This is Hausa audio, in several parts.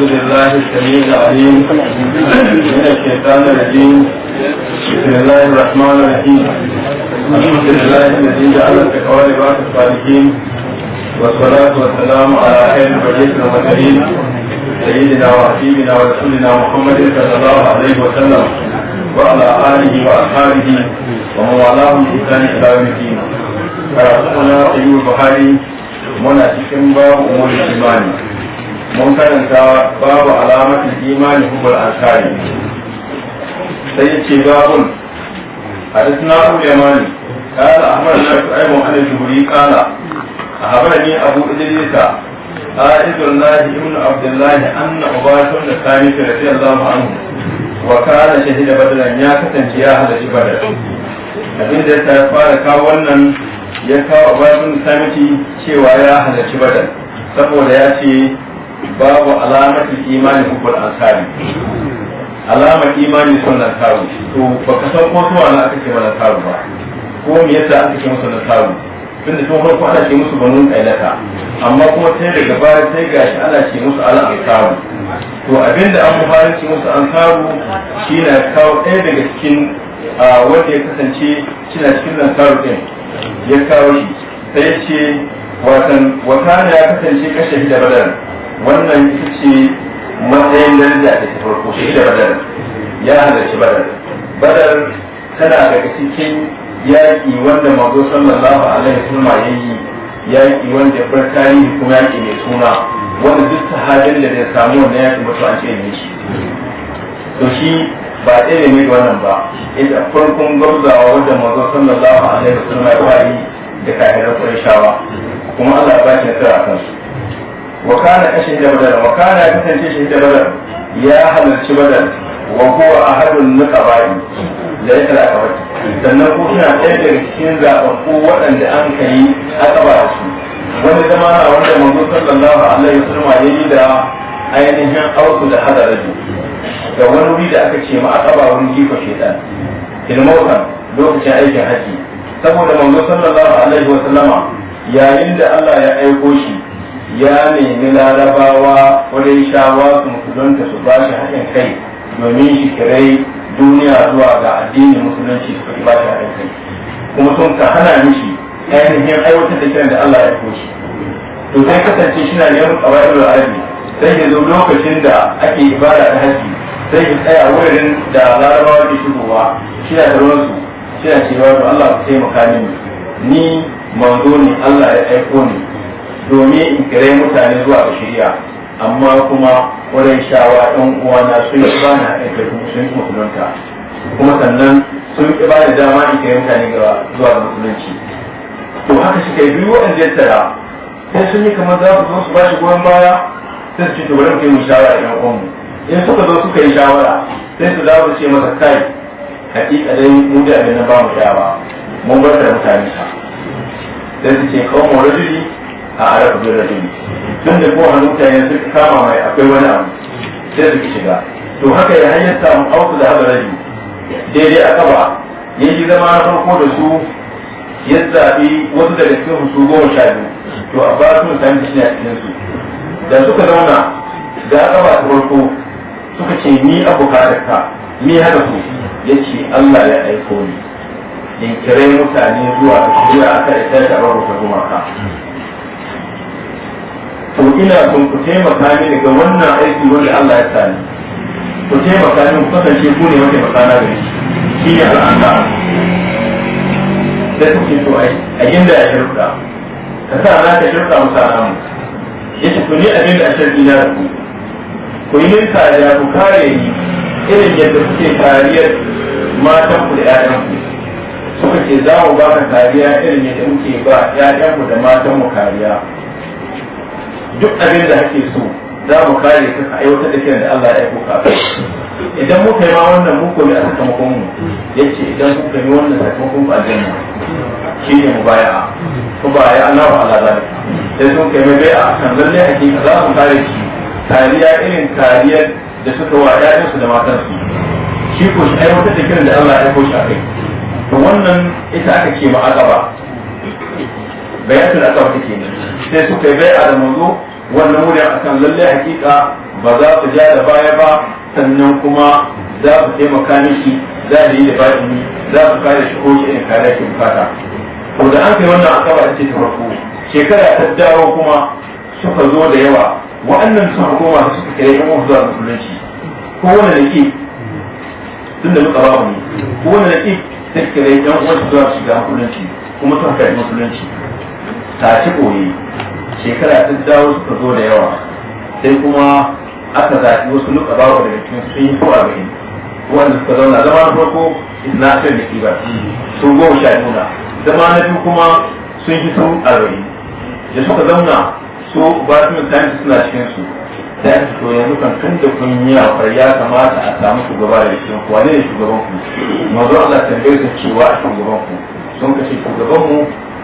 أعوذ بالله السميع العليم من الشيطان الرجيم بسم الله الرحمن الرحيم الحمد لله الذي جعل التقوى لباس الصالحين والصلاة والسلام على خير البريد المرسلين سيدنا وحبيبنا ورسولنا محمد صلى الله عليه وسلم وعلى آله وأصحابه ومن والاهم بإحسان إلى يوم الدين قرأتنا أيها البخاري منى تشمبا أمور الإيمان mun karanta babu alamatin imani humul ansari sai ce babun حدثنا أبو اليماني قال a habar عن abu قال أخبرني أبو إدريس عائد الله بن عبد الله أن عبادة بن الثالث رضي الله عنه وكان شهيد بدلا ya kasance ya halarci بدر abin da ta fara kawo wannan ya kawo babin cewa ya halarci badar saboda ya ce babu alamar imani hubbul ansari alamar imani sun taru to ba ka san ko suwa na aka ce mana taru ba ko me yasa aka ce musu lantaru tun da tun farko ana ce musu banun kailata amma kuma sai daga baya sai gashi ana ce musu ala ansaru to abinda an mufarin ce musu ansaru shi na kawo ɗaya daga cikin wanda ya kasance shi na cikin lantaru ɗin ya kawo shi sai ce watan wata ya kasance kashe da badar wannan ita ce matsayin daraja a ta farko shi da badar ya halarci badar badar tana daga cikin yaƙi wanda mazo sallallahu alaihi wasallam ya yi yaƙi wanda ya bar tarihi kuma yaƙi mai suna wanda duk sahabin da zai samu wannan yaƙi mutu an ce ne shi to shi ba ɗaya ne da wannan ba ita farkon gwamzawa wanda mazo sallallahu alaihi wasallam ya yi da kahirar ƙwarishawa kuma Allah ya ba shi nasara kansu وكان أشهد بدر وكان يكتن أشهد بدر يا أهل بدر وهو أهل النقبائي ليس الأكبر sannan ko suna ɗaya daga cikin zaɓaɓɓu waɗanda an ka yi aka ba su wani zama na wanda manzo sallallahu alaihi wasallam ya yi da ainihin auku da hadaraju da wani wuri da aka ce ma aka ba wurin jifa shedan ilmautan lokacin aikin haji saboda manzo sallallahu alaihi wasallama yayin da Allah ya aiko shi ya nemi larabawa wurin shawa su musulunta su ba shi haɗin kai domin shi kirai duniya zuwa ga addinin musulunci su ba shi haɗin kai kuma sun ka hana mishi ainihin aiwatar da kiran da Allah ya koshi to sai kasance shi na neman ƙawairul arabi sai ya zo lokacin da ake ibada ta haji sai ya tsaya wurin da larabawa ke shigowa shi na su shi na cewa to Allah ku taimaka mini ni manzo ne Allah ya aiko ni domin in kire mutane zuwa ga shirya amma kuma wurin shawa ɗan uwana sun yi bana aika sun yi musulunta kuma sannan sun ba da dama in kire mutane zuwa ga musulunci to haka suka yi biyu waɗanda ya tara sai sun yi kamar za su zo su ba shi goyon baya sai su ce to bari mu kai mu shawara ɗan uwanmu in suka zo suka yi shawara sai su dawo su ce masa kai hakika dai mu da abin na ba mu shawara mun bar da mutane sa sai su ce kawo mu rajuli a arab da tun da kowane mutane suka kama mai akwai wani abu sai suka shiga to haka ya hanyar samun auku da haɓa daidai a kaba ya yi zama na farko da su ya zaɓi wasu daga cikin su goma sha biyu to a ba su sami shi a cikin su da suka zauna da aka ba ta farko suka ce ni a bukatar ka ni haka su ya ce Allah ya aiko ni in mutane zuwa a shirya aka isa ta bar rufe gumaka to ina son ku taimaka mini ga wannan aiki wanda Allah ya sani ku taimaka mini ku kasance ku ne wanda ba na gari shi ne al'ada da kuke so ai a inda ya shirka ka sa na ka shirka mu ya ce yace ku ne a da a shirki na ku ku yi nisa da ku kare ni irin yadda kuke kariyar matan ku da ƴaƴan ku suka ce za mu ba ka kariya irin yadda muke ba ƴaƴan ku da matan mu kariya duk abin da kake so za mu kare ka ka aiwatar da kiran da Allah ya aiko ka idan muka yi ma wannan mu koyi a sakamakon mu yace idan kuka yi wannan sakamakon ku aljanna shi ne mu baya ku baya Allah wa Allah zalika sai sun kai mai bai'a kan lalle hakika za mu kare shi kariya irin kariyar da suka wa su da matansu shi ko shi aiwatar da kiran da Allah ya aiko shi a kai to wannan ita aka ce ma azaba bayatul azaba take ne sai suka yi bai'a da manzo wannan a kan lalle hakika ba za su ja da baya ba sannan kuma za su taimaka mishi za su yi da baɗini za su kare shi ko shi in kare shi bukata to da an kai wannan akaba da ce ta farko shekara ta dawo kuma suka zo da yawa wa'annan sun hukuma da suka kira yan uwan zuwa musulunci ko wanda da ke tun da muka babu ne ko wanda da ke sai kira yan uwan zuwa shiga musulunci kuma sun kai musulunci tashi koyi shekara ta dawo suka zo da yawa sai kuma aka zaɓi wasu luka wa daga cikin sun yi so arba'in wanda suka zauna zama na farko na fiye da kibar sun goma sha nuna zama na biyu kuma sun yi su arba'in da suka zauna su ba su min tayin suna cikin su da ake so yanzu kan tun da kun yi afar ya kamata a samu shugaba da cikin ku wane ne shugaban ku mazo Allah tambayar su cewa shugaban ku sun kashe shugaban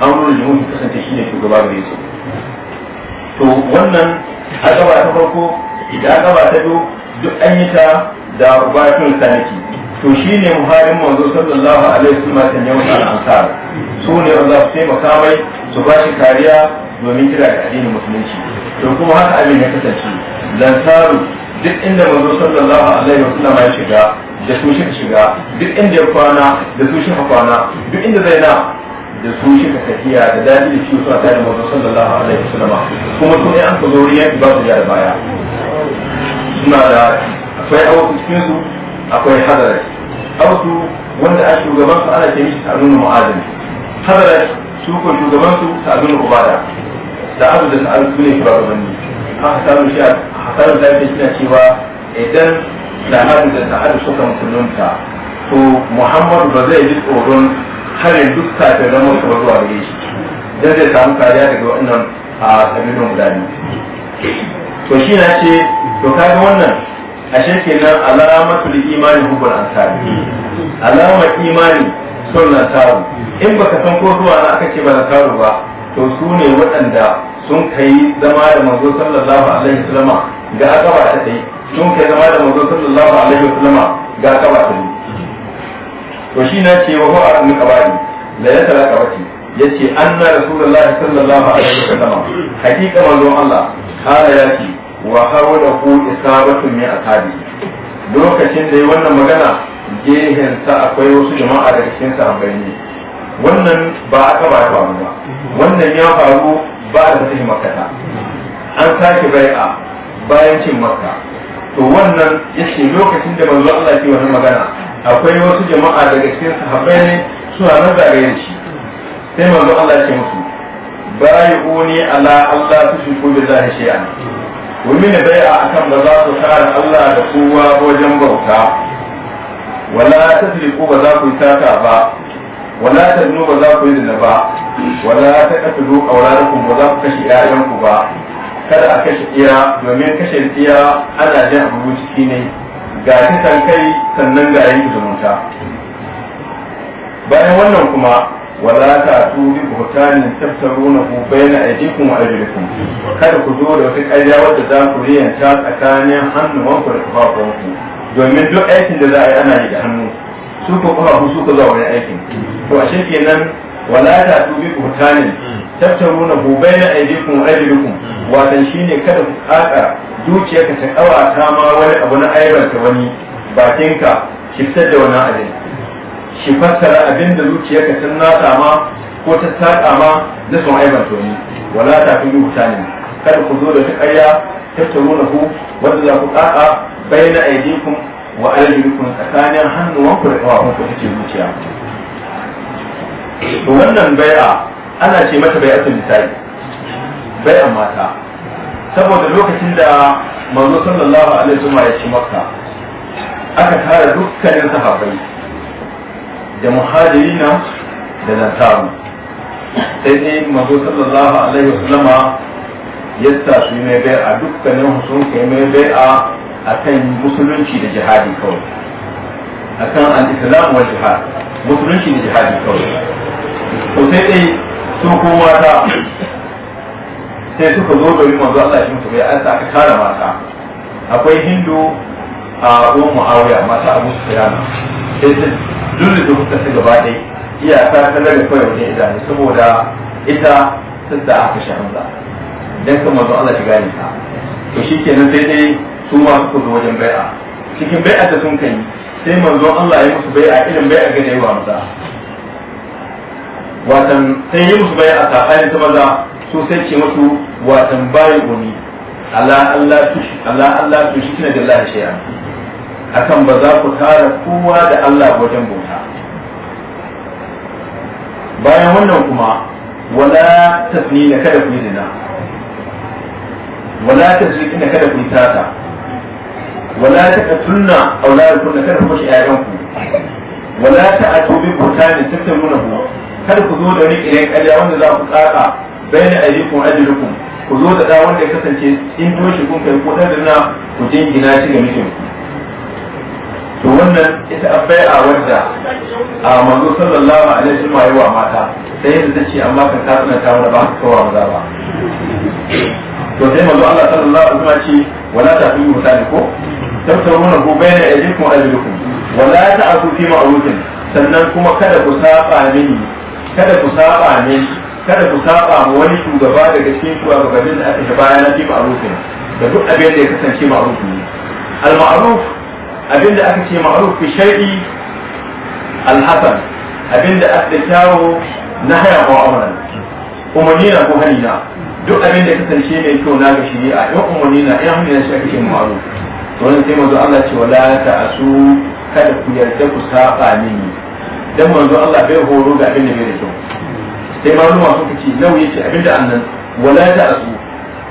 amrul jumu'i kasance shi ne shugaba gare su to wannan a gaba ta farko idan gaba ta biyu duk an yi ta da rubatul sanaki to shi ne muharin manzo sallallahu alaihi wasallam kan yawan al-ansar su ne wanda su taimaka mai su ba shi kariya domin kira da addinin musulunci to kuma haka abin ya kasance lansaru duk inda manzo sallallahu alaihi wasallam ya shiga da su shi shiga duk inda ya kwana da su shi kwana duk inda zai na da su shi ka tafiya da daɗi da shi su a tare mazu sallallahu alaihi wasallama kuma su ne an ka zo riya ba su yara baya suna da akwai awaku cikin su akwai hadarai awaku wanda a shugaban su ana ce mishi ta nuna mu'adani hadarai su ko shugaban su ta nuna ubada da abu da ta su ne ba gabanni haka da shi a hasarar da cewa idan da hadu da ta'ar suka musulunta to muhammadu ba zai ji tsoron harin duk kafin zama kuma zuwa gare shi dan zai samu kariya daga wannan a kabilun guda biyu to shi na ce to kaga wannan ashe kenan alamatul imani hubul ansari alamar imani na taru in baka san ko zuwa na aka ce ba taru ba to su ne waɗanda sun kai zama da manzo sallallahu alaihi wasallama ga akaba ta kai sun kai zama da manzo sallallahu alaihi wasallama ga akaba ta yi. to shi na ce wa a arabul kabari la yasala qabati yace anna rasulullahi sallallahu alaihi wasallam hakika manzon Allah kana ce wa hawada ku isabatu min akabi lokacin da yi wannan magana gehen sa akwai wasu jama'a daga cikin sahabbai ne wannan ba aka ba ta ba wannan ya faru ba da zai makata an sake bai'a bayan cin makka to wannan yake lokacin da manzo Allah ke wannan magana akwai wasu jama'a daga cikin sahabbai ne suna nan zagayen shi sai manzo Allah ke ce musu bai'uni ala Allah da shi shay'an wa min bai'a akan da za su tsara Allah da kowa wajen bauta wala tasriku ba za ku yi taka ba wala tadnu ba za ku yi da ba wala ta taqtulu awladakum ba za ku kashe 'ya'yanku ba kada a kashe iya domin kashe iya ana jin abubu ciki ne ga kisan kai sannan ga yin zumunta bayan wannan kuma wala ta turi buhutanin tafsaruna ku bayna aydikum wa arjulikum kada ku zo da wata karya wadda za ku riyanta tsakanin hannuwanku da kafafunku domin duk aikin da za a yi ana yi da hannu su ko kafafu su ka zuwa wani aikin to ashe kenan wala ta turi buhutanin tattaruna gobe na aidikum ajrukum shi shine kada ku kaka tsawa ta ma wani abu na aibanta wani bakinka shi fitar da wani abin shi fassara abin da zuciyarka ta nata ma ko ta saka ma na son aibanta wani wala ta fi mutane kada ku zo da ta ƙarya tattaruna ku wanda za ku kaka bayyana aidikum wa ajrukum tsakanin hannuwanku da ku take zuciya wannan bai'a ana ce mata bai asin misali bai mata saboda lokacin da manzo sallallahu alaihi wasallam ya ci makka aka tara dukkanin sahabbai da muhajirina da lantaru sai dai manzo sallallahu alaihi wasallam ya sa su mai bai a dukkanin sun kai mai bai a akan musulunci da jihadi kawai akan al-islam wa jihad musulunci da jihadi kawai to sai dai su ko mata sai suka zo gari manzo Allah shi mutum ya an sa aka kare mata akwai hindu a ruwan muawiya mata abu su na. sai ta dole da kuka ta gaba ɗaya iya ta ta daga kawai wajen idanu saboda ita sun da aka sha hamza dan kan manzo Allah shiga gani ta to shikenan sai dai su ma suka zo wajen bai'a cikin bai'a da sun kai sai manzo Allah ya musu bai'a irin bai'a ga da yawa masa watan sai yi musu bayan a safari ta maza so sai ce musu watan bayan gumi Allah Allah tushi Allah kina da Allah shay'a akan ba za ku tara kowa da Allah wajen bauta bayan wannan kuma wala na kada ku yi zina wala tasrikina kada ku yi tata wala ta taqtulna auladakum kada ku kashe ƴaƴanku wala ta ta'atu bi butani tattamuna kar ku zo da wani irin ƙarya wanda za ku tsaka bayan ayyukum ajlukum ku zo da dawon da ya kasance in toshi kun kai ko dan na ku jingina shi ga mijin to wannan ita abai a wanda a manzo sallallahu alaihi wasallam yayi wa mata sai yadda ta ce amma kan ta tsana ta wani ba ka kawo maza ba to sai manzo Allah sallallahu alaihi wasallam ce wala ta fi mutane ko tattauna ko bayan ayyukum ajlukum wala ta'tu fi ma'rufin sannan kuma kada ku saba mini kada ku saba ne kada ku saba mu wani shugaba daga cikin shugabannin da aka shiga bayan fi ma'rufin da duk abin da ya kasance ma'ruf ne al ma'ruf abin da aka ce ma'ruf fi shar'i al hasan abin da aka kyawo na haya ko amran umarni na ko hani na duk abin da kasance mai kyau na ga shari'a in umarni na in hani shi aka ce ma'ruf to wannan sai manzo Allah ce wala ta'asu kada ku yarda ku saba mini dan manzo Allah bai horo ga abin da bai da kyau sai maluma suka ce nau yace abin da annan wala ta asu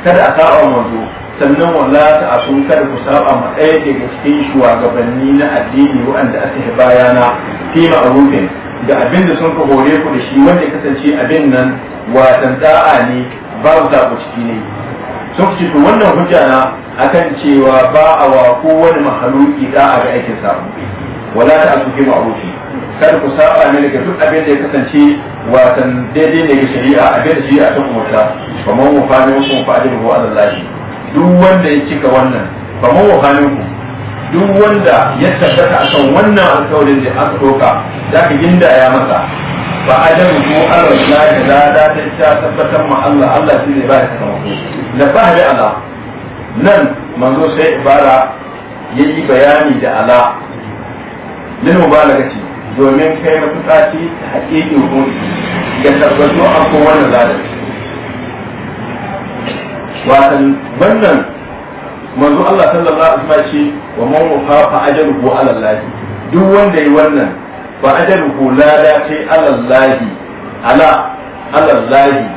kada a saba manzo sannan wala ta asu kada ku saba ma ɗaya daga cikin shugabanni na addini waɗanda aka yi bayana fi ma'rufin da abin da sun ka hore ku da shi wanda ya kasance abin nan watan da'a ne babu zaɓu ciki ne sun ce to wannan hujja na akan cewa ba a wa kowane mahaluki da'a ga aikin sa wala ta an fi ma'rufi kar ku saba ne daga duk abin da ya kasance watan daidai ne ga shari'a abin da shari'a ta umarta fa man wafani ku fa ajruhu ala Allah duk wanda ya cika wannan fa man wafani ku duk wanda ya tabbata akan wannan alƙawarin da aka doka ginda ya masa fa ajruhu ala Allah da da ta tabbatar ma Allah Allah shi ne ba ya sakamako da ba Allah nan manzo sai ibara yayi bayani da ala lil ci domin kai mafitsaci hakikin hukunci ga tabbatu a kowane zalim watan wannan manzo Allah sallallahu alaihi wasallam shi wa man wafa ajruhu ala Allah duk wanda yi wannan fa ajruhu la da ce ala Allah ala Allah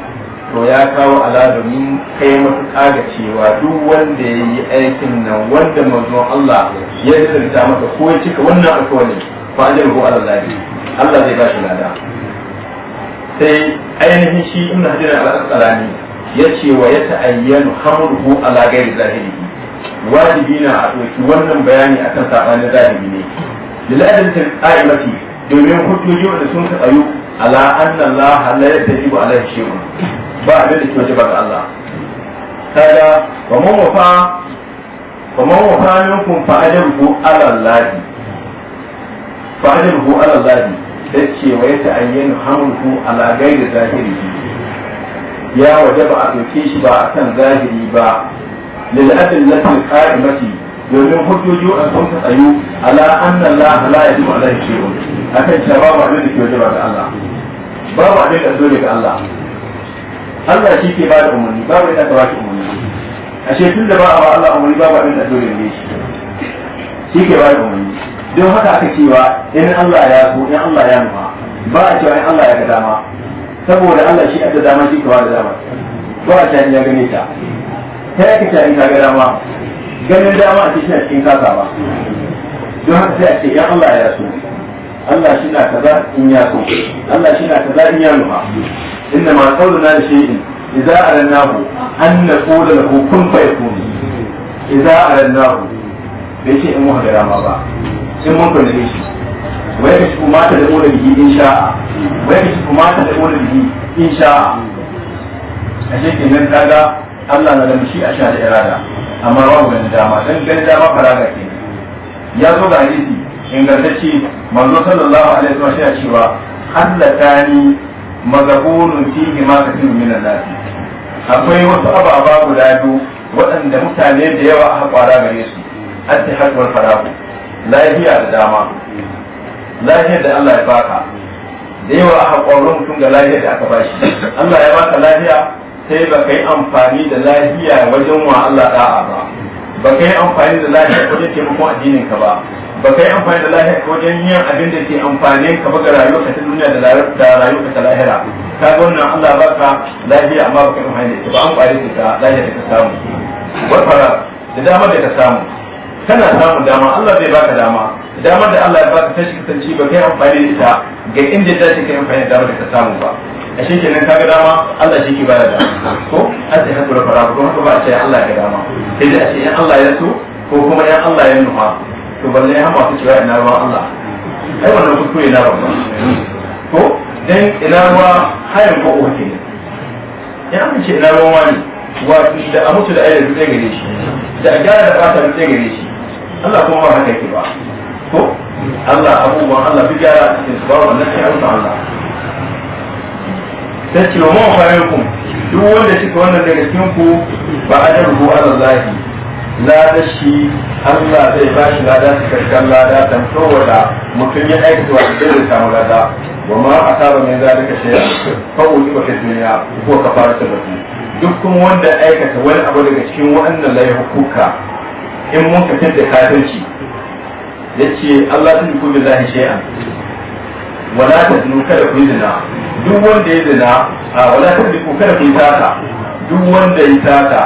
to ya kawo ala domin kai matuƙa ga cewa duk wanda ya yi aikin nan wanda manzon Allah ya kirta maka ko ya cika wannan alƙawari fa ajal ko Allah Allah zai ba shi lada sai ainihin shi ibn hajar al-asqalani ya ce wa ya ta'ayyanu hamruhu ala ghairi zahiri wajibi na a ɗauki wannan bayani akan sabanin zahiri ne lil'adatin qa'imati domin hujjoji wanda sun tsayu ala anna halayyar la yajibu alaihi shehu. ba abin da ke wace ba ga Allah kaga wa man fa, wa man wafa minkum fa ajruhu ala Allah fa ajruhu ala Allah dace wa yata'ayyanu hamluhu ala ghairi zahiri ya waje ba a doke shi ba akan zahiri ba lil adillati al-qa'imati domin hujjoji wa sun ta tsayu ala anna Allah la yajma'u alaihi shay'un akan cewa babu abin da ke ba ga Allah Ba abin da dole ga Allah Allah shi ke ba da umarni babu yadda ka bashi umarni a tun da ba a ba Allah umarni babu abin da dole ne shi shi ke da umarni don haka aka cewa in Allah ya so in Allah ya nufa ba a cewa in Allah ya ga dama saboda Allah shi da dama shi ka da dama ba a cewa ya gane ta ta yake cewa in ka ga dama ganin dama a cikin cikin kasa ba don haka sai a ce in Allah ya so Allah shi na kaza in ya so Allah shi na kaza in ya nufa inda ma kauluna da shay'in idza arannahu an naqula lahu kun fayakun idza arannahu bai ce in muka gara ma ba in mun kunna shi wai ka shiku mata da ƙoda in sha'a wai ka mata da in sha'a a shekin nan kaga Allah na gani shi a sha da irada amma babu ganin dama dan ganin dama ga ke ya zo ga hadisi ingantacce manzo sallallahu alaihi wasallam shi cewa Allah tani mazahurun fihi ma ka kathirun minan nas akwai wasu ababa guda biyu waɗanda mutane da yawa aka kwara gare su attihad wal farahu lafiya da dama lafiyar da Allah ya baka da yawa aka kwaro mutum ga lafiyar da aka bashi Allah ya baka lafiya sai ba kai amfani da lafiya wajen wa Allah da'a ba ba kai amfani da lafiya wajen taimakon addinin ka ba ba ka yi amfani da lahira wajen yin abin da ke amfani ka baga rayuwarka ta duniya da rayuwarka ta lahira ka ga wannan Allah ba ka lafiya amma ba ka amfani da ita ba an kware ka lafiya da ka samu fara da dama da ka samu kana samun dama Allah zai baka dama damar da Allah ya baka ta shi kasance ba yi amfani da ita ga inda ta ka yi amfani da damar da ka samu ba a shi kenan kaga dama Allah shi ke bada dama ko a ce haka da fara ko haka ba a ce Allah ya ga dama sai dai a ce Allah ya so ko kuma in Allah ya nufa to balle ya hama su cewa ina ruwan Allah ai wannan ku kuskure na ba ko dan ina ruwa hayan ko uke ne ya an ce ina ruwan wani wato da a mutu da ayyar zai gare shi da a gyara da fata zai gare shi Allah kuma ba haka yake ba ko Allah abubuwan Allah bi gyara cikin su ba wannan sai an Allah sai ce wa mawa duk wanda shi wannan daga cikin ku ba a da rubu Allah zahi lada shi Allah zai ba shi lada cikakken lada don saboda mutum ya aikata wa zai da samu lada wa ma a saba mai zai ka shaya fa'uli ba ka duniya ko ka fara ta baki duk kuma wanda aikata wani abu daga cikin waɗannan laifuka in mun ka da kafirci ya ce Allah ta duku bi lahi shay'an wala ta dinu kada ku yi zina duk wanda ya zina wala ta duku kada ku yi tata duk wanda ya tata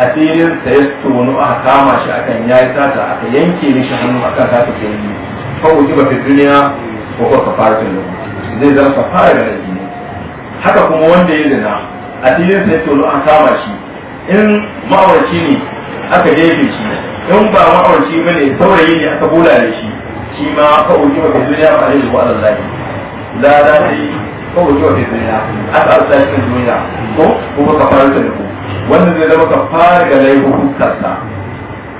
asirin sa ya tono aka kama shi akan yayi sata aka yanke shi hannu akan sata ke yi fa uji ba fitriya ko ko ko fara lahu zai zama kafara da nabi ne haka kuma wanda ya zina asirin sa ya tono a kama shi in ma'aurci ne aka jefe shi in ba ma'aurci bane saurayi ne aka da shi shi ma fa uji ba fitriya ba ba ko wa alihi la da sai fa uji ba fitriya duniya aka alsa cikin duniya ko kuma kafaratun lahu wanda zai zama fara ga laifin kansa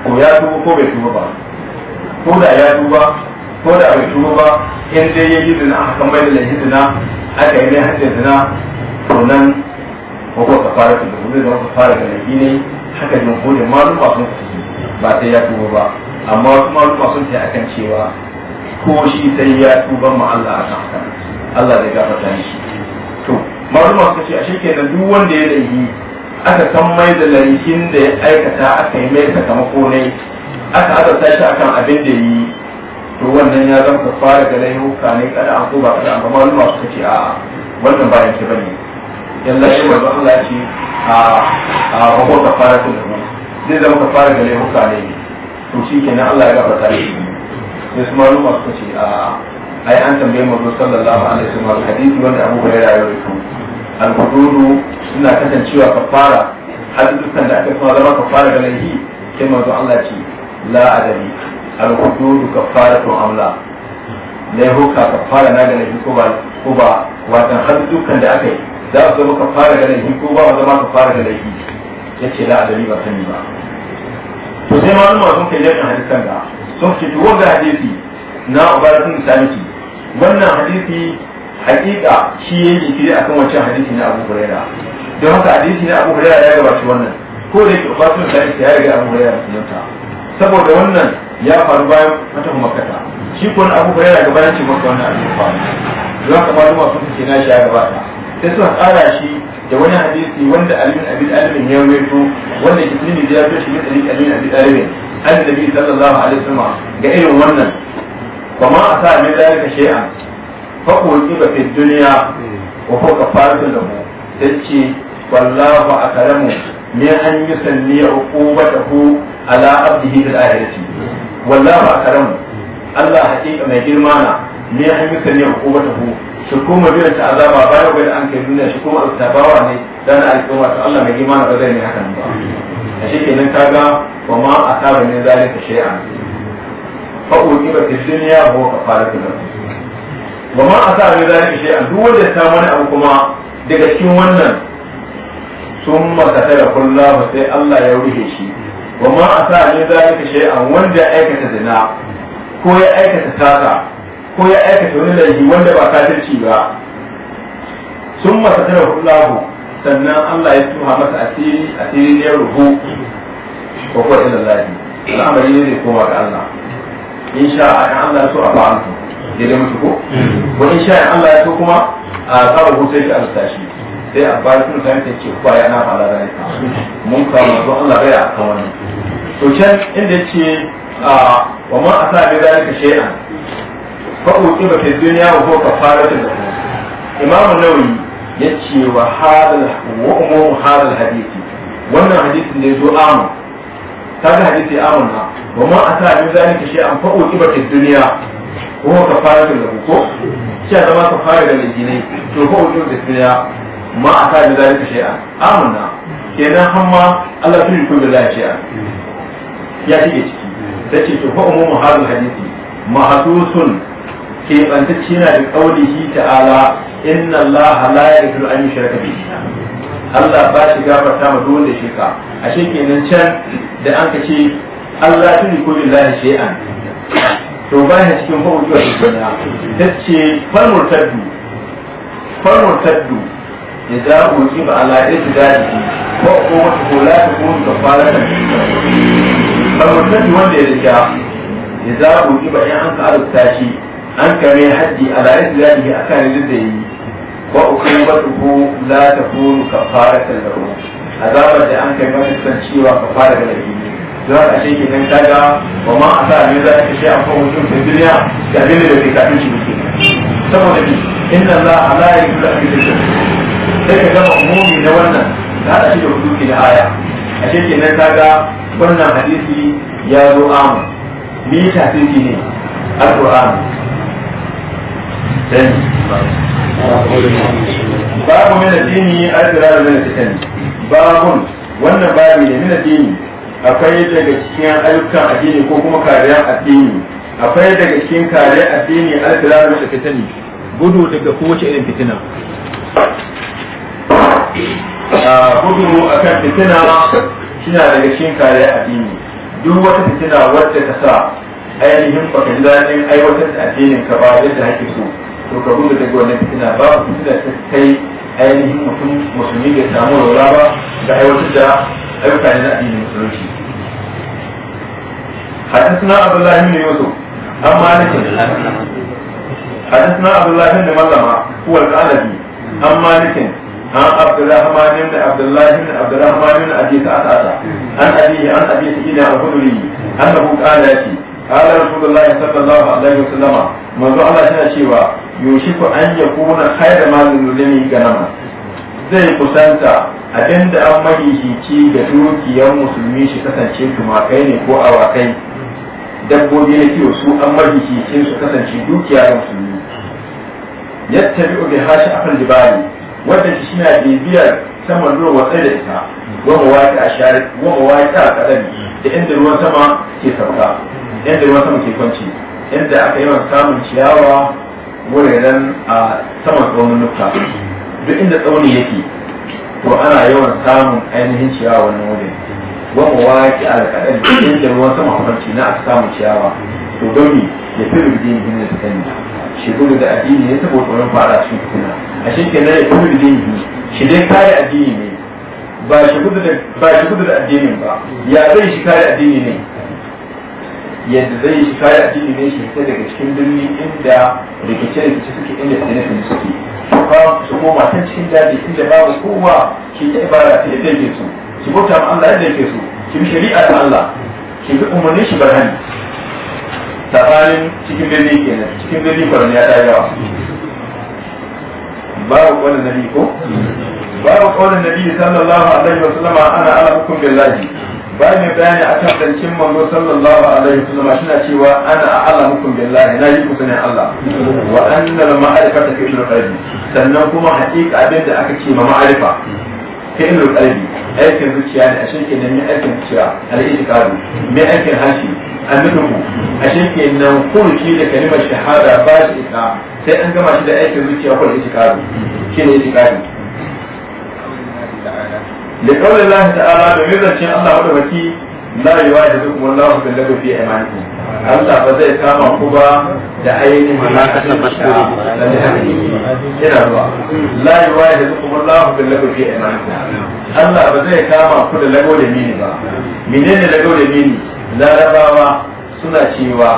ko ya tuba ko bai tuba ba ko da ya tuba ko da bai tuba ba in dai ya yi zina aka mai da laifin zina aka yi mai hajjar zina to nan ko ko fara ta zama zai zama fara ga laifin ne haka jumhurin maluma sun fi ba sai ya tuba ba amma wasu maluma sun a akan cewa ko shi sai ya tuba ma Allah a kan Allah zai gafarta shi to maluma suka ce a shi kenan duk wanda ya yi. aka san mai da laifin da ya aikata aka yi mai sakamako ne aka aka shi akan abin da yi to wannan ya zama fara ga laifuka ne kada an koba ba kada an ba wani masu kace a wannan ba yake bane yalla shi manzo Allah ce a a rabo ta fara ku da zai zama ka fara ga laifuka ne to shikenan Allah ya gafarta shi sai su malu masu kace a ai an tambaye manzo sallallahu alaihi wasallam hadisi wanda Abu Hurairah ya rawaito alhududu suna kasancewa kafara dukkan da aka suna zama kafara da laihi sai manzo Allah ce la adali alhududu kafara to amla ka kafara na da laihi ko ba ko ba hadu dukkan da aka yi za su zama kafara da laihi ko ba zama kafara da laihi yace la la'adari ba sani ba to sai malama sun kai yakin hadisan da sun ce to wanda hadisi na ubaratun ci wannan hadisi hakika shi ya yi kiri akan wancan hadisi na Abu Huraira don haka hadisi na Abu Huraira ya gabaci wannan ko da yake ubatun da ya riga Abu Huraira sunanta saboda wannan ya faru bayan mata makata shi ko na Abu Huraira ga bayan ce maka wannan abin fa don haka malama sun ce na shi ya gabata sai suka tsara shi da wani hadisi wanda Ali bin Abi Talib ya rawaito wanda Ibn da ya rawaito shi ne Ali bin Abi Talib annabi sallallahu alaihi wasallam ga irin wannan kuma a sa ne da shay'an fakoki ba fi duniya fara da mai girma na ne an ta azaba bayan gwada an kai duniya ne dan mai girma na ba ba ba ma a sa ne zai shi a duk wanda ta wani abu kuma daga cikin wannan sun makasa da kulla sai Allah ya rufe shi ba ma a sa ne zai ka shi a wanda ya aikata zina ko ya aikata sata ko ya aikata wani laifi wanda ba kafirci ba sun makasa da kulla sannan Allah ya tuha masa asiri asiri ne ya rufu ko ko ila lahi al'amari ne koma ga Allah in sha Allah so a ba'antu. daidai mutu ko mm. wani sha'in Allah ya so kuma a tsara hutu ya alsta shi sai a bayan sun sami ta ce kuwa ya na fara da ita mun kama don Allah bai a kan wani to can inda ya ce wa man asa ya zalika shay'an fa uqiba fi dunya wa huwa kafaratun lahu imam an-nawawi yace wa hadal wa umum hadal hadisi wannan hadisin da yazo amu kaga hadisi amun na wa man asa ya zalika shay'an fa uqiba fi duniya. ko ka fara da ko shi ya zama ka fara da mijinai to ko wajen da tsira ma a ta da zalika shay'a amanna kenan hamma Allah sun yuko da la shay'a ya shige ciki tace to fa umumu hadal hadisi mahdusun ke bantacce na da shi ta'ala inna Allah la yaghfiru an yushraka bihi Allah ba shi gafarta ma tuwon da shirka ashe kenan can da an ka ce Allah tuni ko billahi shay'an to bayan cikin fahimci wata suna ta ce falmur taddu falmur taddu ya za a ƙoƙi ba a ala ya ci daɗi ko ko wata kola ta ko ta fara da falmur taddu wanda ya rika ya za a ƙoƙi ba in an ka arzuta shi an kame hajji ala ya da daɗi a kan yanzu da yi ko ko wata ko za ta ko ka fara da azabar da an kai mata cewa ka fara da yi za a ce ke nan kaga ba ma a sa ne za a kashe an kan da duniya da abin da ke kafin shi mutum saboda bi in inda za a layi da ake da shi sai ka gama umumi na wannan za a shi da hudu da haya. a ce ke nan kaga wannan hadisi ya zo amu ni tafin shi ne alƙur'ani dan babu mai da dini alƙur'ani mai da dini babun wannan babu ne mai da dini akwai daga cikin ayyukan addini ko kuma kariyar addini akwai daga cikin kariyar addini alfirar da tani gudu daga kowace irin fitina ah, gudu a kan fitina shina daga cikin kariyar addini duk wata fitina wacce ka sa ainihin bakin daɗin aiwatar da addinin ka ba yadda hake so to ka gudu daga wannan fitina ba fitina ta kai ainihin mutum musulmi da samu rola ba da aiwatar da aika ne na ilimin sunci hadin ne yoso Allah yana cewa yushiku an yakuna khayra ga nama zai kusanta abin da an mahihici da dukiyar musulmi shi kasance tumakai ne ko awakai dabbobi na kiwo su an mahihicin su kasance dukiya musulmi yadda bi'u bi hashi akan libani wanda shi na bibiyar saman ruwan watsa da ita wa mawaki a shari wa mawaki a kadari da inda ruwan sama ke sauka inda ruwan sama ke kwanci inda aka yi samun ciyawa wuraren a saman tsaunin nufta duk inda tsauni yake to ana yawan samun ainihin ciyawa wannan wurin wani waki ala kaɗan cikin da ruwan sama mafarki na aka samu ciyawa to don ni ya fi rubin yin da kanni shi gudu da addini ne saboda wani fara cikin fitina a shi ke nan ya fi rubin yin shi dai kare addini ne ba shi gudu da addinin ba ya zai shi kare addini ne yadda zai shi kare addini ne shi ta daga cikin birni inda rikice-rikice suke inda tsanifin suke ba su koma ta cikin daji inda babu kowa ki ta ibada ta yadda ke su ki bauta ma Allah yadda ke su ki bi shari'a ta Allah ki bi umarni shi barhani tsakanin cikin birni kenan cikin birni kwarin ya ta yawa babu kwanan nabi ko babu kwanan nabi sallallahu alaihi wasallam ana alamukum billahi bani bayani a akan dancin manzo sallallahu alaihi wa wasallam shina cewa ana a'lamukum billahi na yi kusanin Allah wa anna al ma'rifata fi al-qalbi sannan kuma haƙiƙa abin da aka ce ma ma'arifa fi al-qalbi aikin zuciya ne a shirke nan ne aikin zuciya al-i'tiqadu me aikin hashi annabu a shirke nan kurki da kalimar shahada ba shi ita sai an gama shi da aikin zuciya ko al-i'tiqadu shine i'tiqadi da kawai Allah ta'ala domin zancen Allah madaukaki la yuwajibu wallahu bil ladhi fi imanikum Allah ba zai kama ku ba da ainihin malakatan mashkura da ina ba la yuwajibu wallahu bil ladhi fi imanikum Allah ba zai kama ku da lago da mini ba menene lago da mini larabawa suna cewa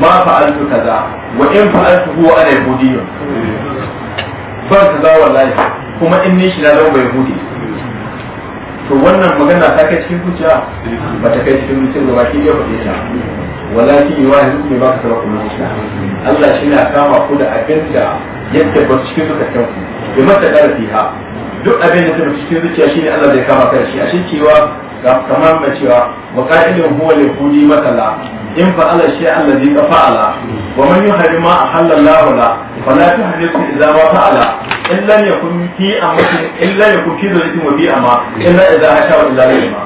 ma fa'altu kaza wa in fa'altu huwa ana yahudiyyun ban kuma in ni shi na zama bai hudi to wannan magana ta kai cikin kuciya eh. ba ta kai cikin mutum ba ki ya faɗi ta walakin yi wa yanzu ne ba ka taɓa kuma zuciya Allah shi na kama ku da abin da yadda ba cikin zukatan ku ya mata ƙara ha. duk abin da taɓa cikin zuciya shi ne Allah zai kama ka shi a shi cewa kamar mai cewa wa ƙa'ilin huwa yahudi masala in Allah shay'an ladhi fa'ala wa man yuhrim ma ahalla Allah la fala tuhrisu idza ma fa'ala in lam yakun fi amatin illa yakun fi dhalatin wa fi ama illa idza hasha wa illa layma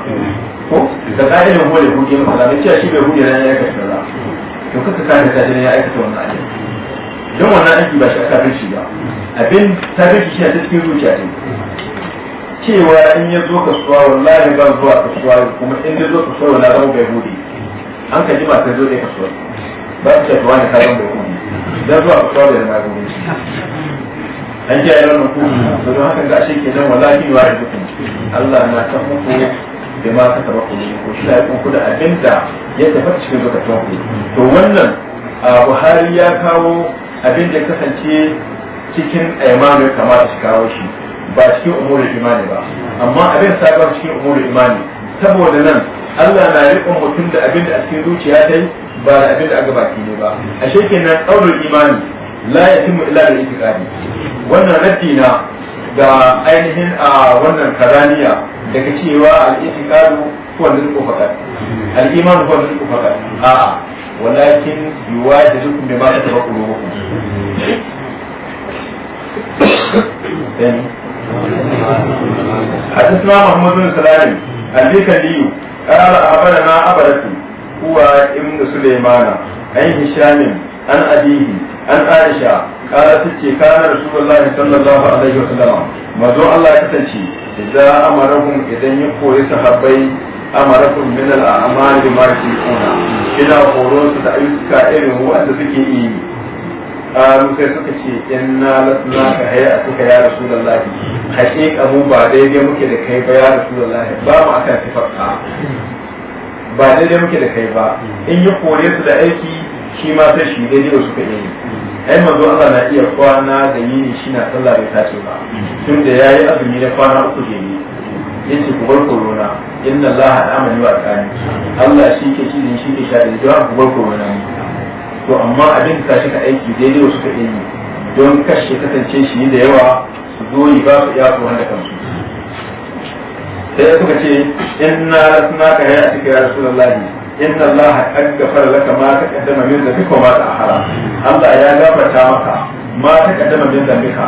ko da kai ne huwa da kuke masa da cewa shi bai hude ran ya kashe ba to kaka kai da kai ya aikata wannan aiki don wannan aiki ba shi aka rishi ba abin ta rishi shi a cikin zuciya ne cewa in ya zo ka kasuwa wallahi ban zuwa ka kasuwa kuma in ya zo kasuwa wallahi ban bai hude an ka ji ba ka zo da kasuwa ba ka ce wani kayan boko dan zuwa kasuwa da na gobe an ji ayyar nan kuma don haka ga shi kenan wallahi wa rabbukum Allah na san muku da ma ka taba ku ko shi ya kun kuda abinda ya tafi cikin zakatun ku to wannan Buhari ya kawo abin da kasance cikin imani kamata shi kawo shi ba cikin umurin imani ba amma abin sabon cikin umurin imani saboda nan Allah na riƙon mutum da abin da a cikin zuciya ta yi ba da abin da aka baki ne ba a shekenan ƙaunar imani la ya timu ila da itikadi wannan raddi na ga ainihin a wannan karaniya daga cewa al-itikadu huwa rizqu faqat al-iman huwa rizqu faqat a'a walakin ta bima kataba qulubukum حدثنا محمود بن سلام halika liyu qala abada ma abadati huwa ibn sulaiman ay hisham an abihi an aisha qala tace kana rasulullahi sallallahu alaihi wasallam mazo allah ya tace idza amarahum idan ya koyi sahabbai amarakum min al-a'mal bima yaquluna ina horon da ayyuka irin wanda suke yi kalu sai suka ce inna lasna ka hayya suka ya rasulullahi haƙiƙa mu ba daidai muke da kai ba ya rasulullahi ba mu akan sifarka ba daidai muke da kai ba in yi kore su da aiki shi ma sai shi daidai wasu ka yi ai manzo Allah na iya kwana da yini shi na sallah bai tace ba tun da yayi azumi na kwana uku da yini yace ku bar corona inna Allah da amani wa tsani Allah shi ke shi shi ke sha da ku bar corona to amma abin da shi ka aiki daidai wasu ka iya yi don kashe kasance shi da yawa su zo yi ba su iya tsoron da kansu sai suka ce in na inna lasnaka ya atika ya rasulullahi inna Allah qad ghafara laka ma taqaddama min dhanbika wa ma ta'akhara Allah ya gafarta maka ma taqaddama min dhanbika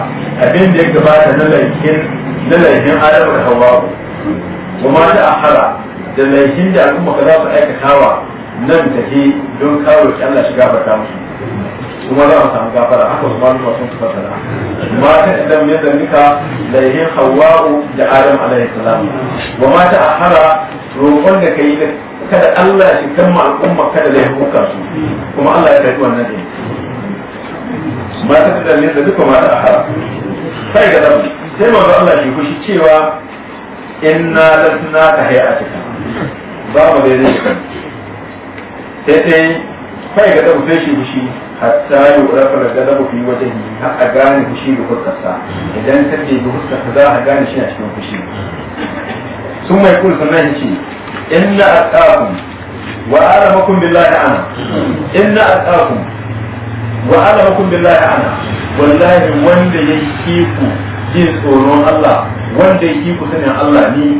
abin da ya gabata na laifin na laifin Adam da Hawwa wa ma ta'akhara da laifin da al'umma ka za su aikatawa nan tafi don kawo ki Allah shi gafarta musu kuma za a samu gafara haka Usman ba sun tabbata ma Mata idan mai zannika da yin da Adam alaihi salam wa mata a hara roƙon da ka kai kada Allah shi kamma al'umma kada da ya su kuma Allah ya karbi wannan ne Mata idan mai zannika mata a hara. sai ga rabbi sai manzo Allah shi kushi cewa inna lasna ka cikin. ba mu daidai sai dai kai ga dabu sai shi fushi hatta yi urafa da gadabu fi wajen yi har a gane fushi da fuskarsa idan ka ce da fuskarsa za a gane shi a cikin fushi sun mai kul sannan shi ce inna atqakum wa alamakum billahi ana inna atqakum wa alamakum billahi ana wallahi wanda ya yi ku jin tsoron Allah wanda ya yi ku sanin Allah ni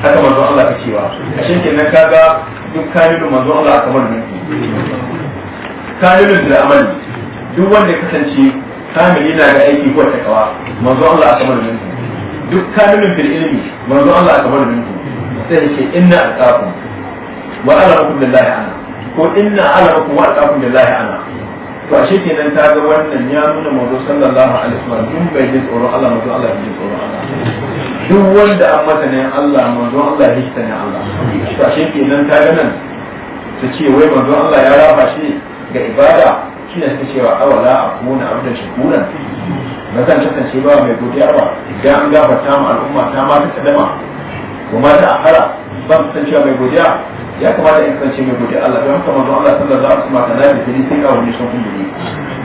haka manzo Allah ka cewa a shi kenan kaga duk kamilun manzo Allah aka bar mulki kamilun da amali duk wanda ya kasance kamil na ga aiki ko takawa manzo Allah aka bar mulki duk kamilun fil ilmi manzo Allah aka bar mulki sai ce inna aqakum wa ala rabbukum billahi ana ko inna ala rabbukum wa aqakum billahi ana to ashe kenan ta ga wannan ya nuna mazo sallallahu alaihi wasallam in bai ji tsoron Allah mazo Allah ya ji tsoron Allah duk wanda an masa ne Allah mazo Allah ya ji ne Allah to ashe kenan ta ga nan ta ce wai mazo Allah ya rafa shi ga ibada shi ta cewa awala a kuma abdan shakuran bazan kasance ba mai godiya ba idan an gafarta ma al'umma ta ma ta kadama kuma da ahara ba mu san cewa mai godiya ya kamata in kasance mai godiya Allah don haka manzon Allah sallallahu alaihi wasallam kana da jini sai ka wani sun kumburi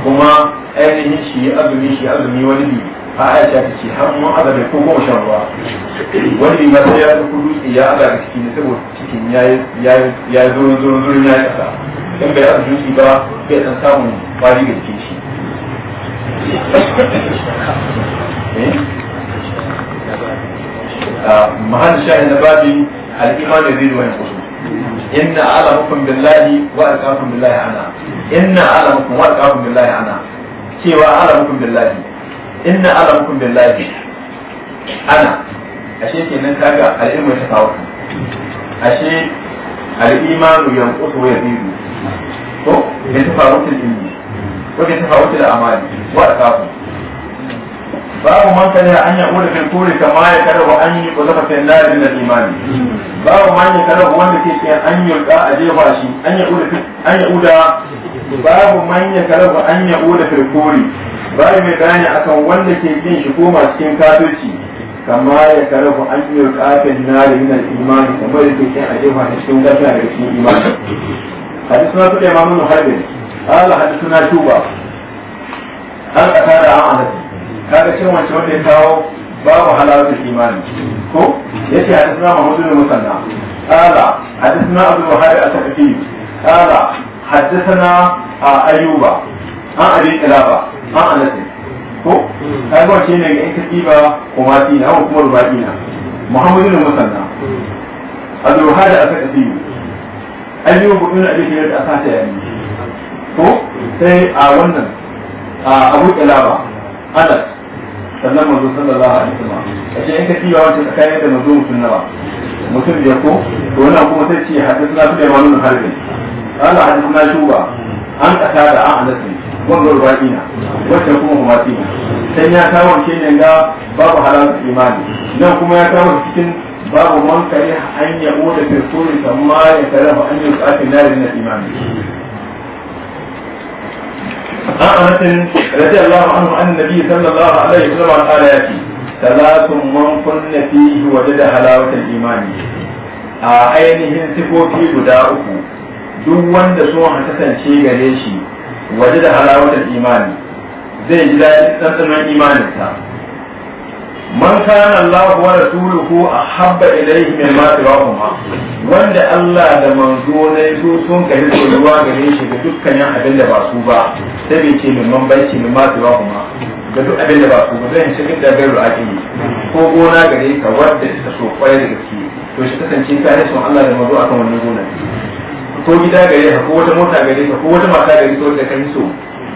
kuma ainihin shi azumi shi azumi wani bi a Aisha ta ce har mun azabe ko goma shan ruwa wani bi ma sai ya ku dutse ya aga ga cikin saboda cikin yayi yayi yayi zo zo zo ya kasa in bai azumi shi ba bai san samun kwari ga cikin shi eh? mahal shahin na babi al'iman da zai wani kusur inna ala hukum billahi wa alqakum billahi ana inna ala hukum wa alqakum billahi ana cewa ala hukum billahi inna ala hukum billahi ana ashe kenan kaga al'ilmu ya tafawa ashe al'imanu yanqusu ya yazidu ko ya tafawa fil ilmi ko ya tafawa fil amali wa alqakum babu man kariha an ya yaqula fil kufri kama ya karahu an yi qulafa fil nar min al imani babu man ya karahu wanda ke cewa an yulqa a jefa shi an yaqula an yauda babu man ya karahu an yaqula fil kufri babu mai bayani akan wanda ke jin shi koma cikin kafirci kama ya karahu an yulqa fil nar min al imani kamar yake cewa a jefa shi cikin gafara da cikin iman حدثنا سليمان بن حرب قال حدثنا شوبه قال da an أنس kaga cin wacce wanda ya kawo babu halalar imani ko ya ce hadis na mahmudu ne musanna kala hadis na abu wahari a sakafi kala hadis na a ayuba an abin kilaba an anasin ko kaga wance ne ga ita ba kuma tina an kuma rubaki na mahmudu ne musanna abu wahari a sakafi ayuba ibn abi hayyat asata yi. ko sai a wannan a abu kilaba anas sannan manzo sallallahu alaihi wasallam ashe in ka tiya wancan tsakanin da manzo mutum nawa mutum ya ko to wannan kuma sai ce hadisna Sulaiman bin Harbin qala hadisna Shuba an kasa da an anas wannan rubaqina wannan kuma kuma humatina sai ya kawo ke ne ga babu halal imani nan kuma ya kawo cikin babu man kare an yabo da firkuri kamar ya kare an yi tsafin nari na imani عن انس رضي الله عنه عن النبي صلى الله عليه وسلم قال ياتي ثلاث من كن فيه وجد حلاوه الايمان a ainihin sifofi guda uku duk wanda sun kasance gare shi waje da halawatar imani zai ji daɗin tsantsanon imaninsa man kana Allah wa rasuluhu ahabba ilayhi mimma siwahuma wanda Allah da manzo ne su sun kai soyuwa gare shi ga dukkanin abin da ba su ba sai bai ce mimman banci mimma siwahuma da duk abin da ba su ba zai shiga da gairu ake ko gona gare ka wanda ta so kwaye da gaske to shi kasance ka ne son Allah da manzo akan wannan gona ko gida gare ka ko wata mota gare ka ko wata mata gare ka wanda ka so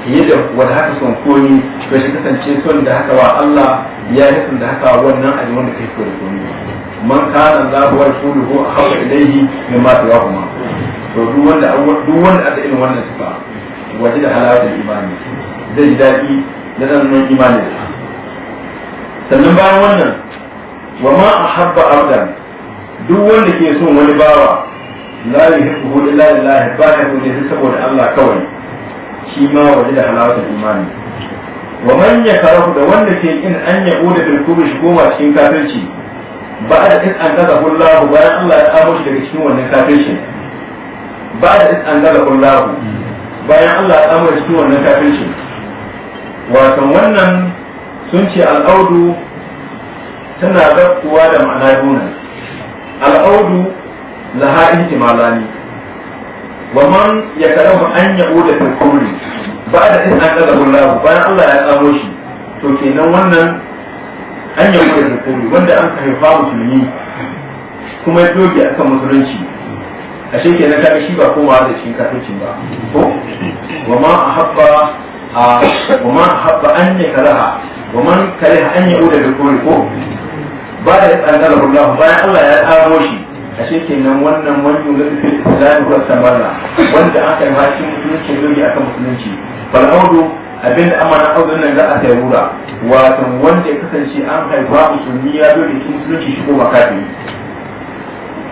fiye da wanda haka son komi to shi kasance son da haka wa Allah ya yi son da haka wannan abin wanda kai so da komi man kana Allahu wa rasuluhu ahabba ilayhi mimma tawahuma to duk wanda duk wanda aka irin wannan sifa waje da halawatul imani zai ji daɗi da zannan imani da sannan bayan wannan wa ma ahabba abdan duk wanda ke son wani bawa la yuhibbu illa lillah ba ya ne saboda Allah kawai shi ma waje da halawatul imani wa man yakrahu da wanda ke in an yauda bil kubri shi goma cikin kafirci ba da in an gaza kullahu bayan Allah ya amo shi daga cikin wannan kafirci ba da in an gaza kullahu bayan Allah ya amo shi cikin wannan kafirci Wasan wannan sun ce al'audu tana zakkuwa da ma'ana yuna al'audu laha ihtimalani ومن يكره أن يعود في الكفر بعد إن أنقذه الله بعد الله يقامه شيء to kenan wannan an yauke da kuri wanda an haifa musulmi kuma ya doge akan musulunci a shi kenan kaga shi ba kowa da shi kafirci ba ko wa ma a wa an ya da ba da bayan Allah ya tsaro shi ashe nan wannan wani yulatu fil zai wa samarra wanda aka yi hakin musulunci zuri akan musulunci fal audu abinda amana audun nan za a sayarura wato wanda ya kasance an haifa musulmi ya zo da cikin musulunci shi kuma kafiri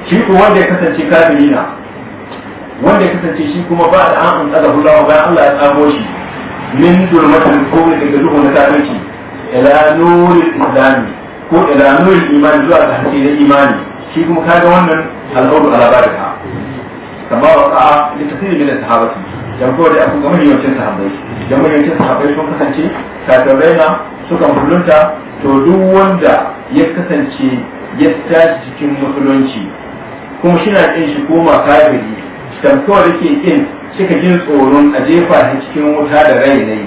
shi ko wanda ya kasance kafiri na wanda ya kasance shi kuma ba da an tsada hulawa bayan Allah ya tsamo shi min durmatul kowai daga duhu na kafirci ila nuri islami ko ila nuri imani zuwa ga haske na imani shi kuma kaga wannan al'adu alaba da ka. kama wa ka'a da tafiye min sahabati dan ko da abu ga mahiyancin sahabbai dan mahiyancin sahabbai sun kasance kafirai na suka mulunta to duk wanda ya kasance ya tashi cikin musulunci kuma shi na kin shi koma kafiri dan ko da ke kin suka jin tsoron a jefa shi cikin wuta da rai ne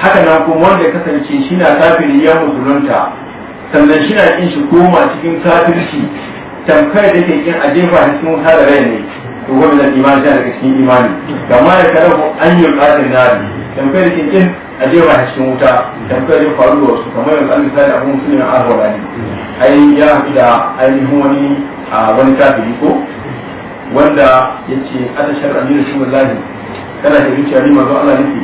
haka nan kuma wanda ya kasance shi na kafiri ya musulunta sannan shi na kin shi koma cikin kafirci tamkar da ke kin aje ba cikin wuta da rai ne to wani da imani ta daga cikin imani kamar da karabu an yi ƙasar nari tamkar da ke kin aje ba cikin wuta tamkar da faru da wasu kamar yanzu an misali abin musulmi a arwala ne ai ya haɗu da ainihin wani a wani kafiri ko wanda ya ce ana shar amir shi lahi. kana da zuciya ni manzo Allah nake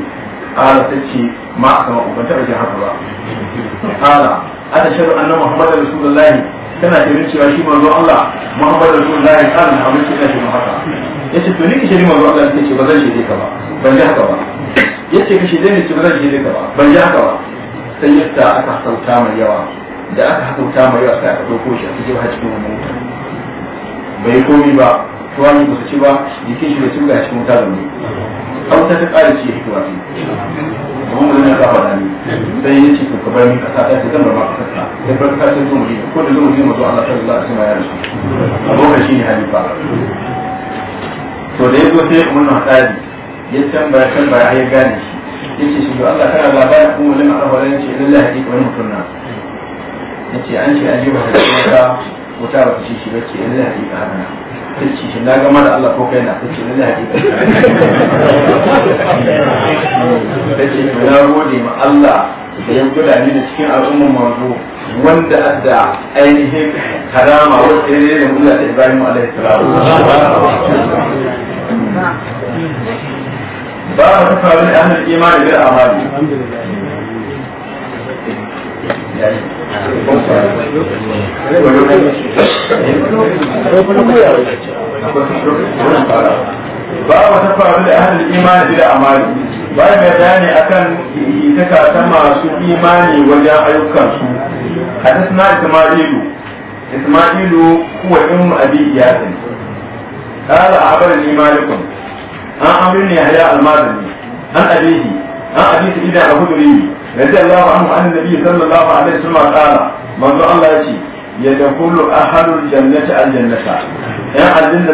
ala ta ce ma aka ma ubanta ba haka ba ala ana shar annabi muhammadu rasulullahi kana da cewa shi manzo Allah Muhammadu Rasulullahi sallallahu alaihi wasallam yana shi haka yace to ni ke shi manzo Allah yace ba zan shi ka ba ban ji haka ba yace ka shede ne ce ba zan shi ka ba ban ji haka ba sai ta aka sauta mai yawa da aka sauta mai yawa sai aka ɗauko shi a cikin hajjin wannan mota bai komi ba tuwani ba su ci ba jikin shi da tuga cikin wuta da ne a wuta ta ƙara ce hikima wanda ne saba da ni sai ya ce ka bar min kasa ta ce zan bar ma kasa ta sai bar kasa ta zuwa ko da zuwa zuwa Allah sallallahu alaihi wasallam ya rasu a lokacin ne halifa to da yazo sai umar na tsari ya tambaya tambaya ya gane shi yace shi Allah kana labarin kuma lima arwala yace lillahi hakika wani mutum yace an ce an yi ba ta wuta ba ta ci shi bace lillahi hakika ta ce na gama da Allah ko kai na ta ce lalle hakika ta ce na gode ma Allah da ya guda ni da cikin al'ummar manzo wanda adda ainihin karama wacce ne da mulla da Ibrahim alaihi salam ba ta faru da ahlul imani bil amali ba a wata faru da ahalin imani da amali ba a ga bayani a kan takasan masu imani wajen ayyukansu a ta suna isma'ilu isma'ilu kuwa yin ma'adi yasin kala a habarin imalikun an amurin ya haya almadani an abihi an abisa idan a hudu رضي الله عنه عن النبي صلى الله عليه وسلم قال من الله يجي يدخل أهل الجنة الجنة يعني الجنة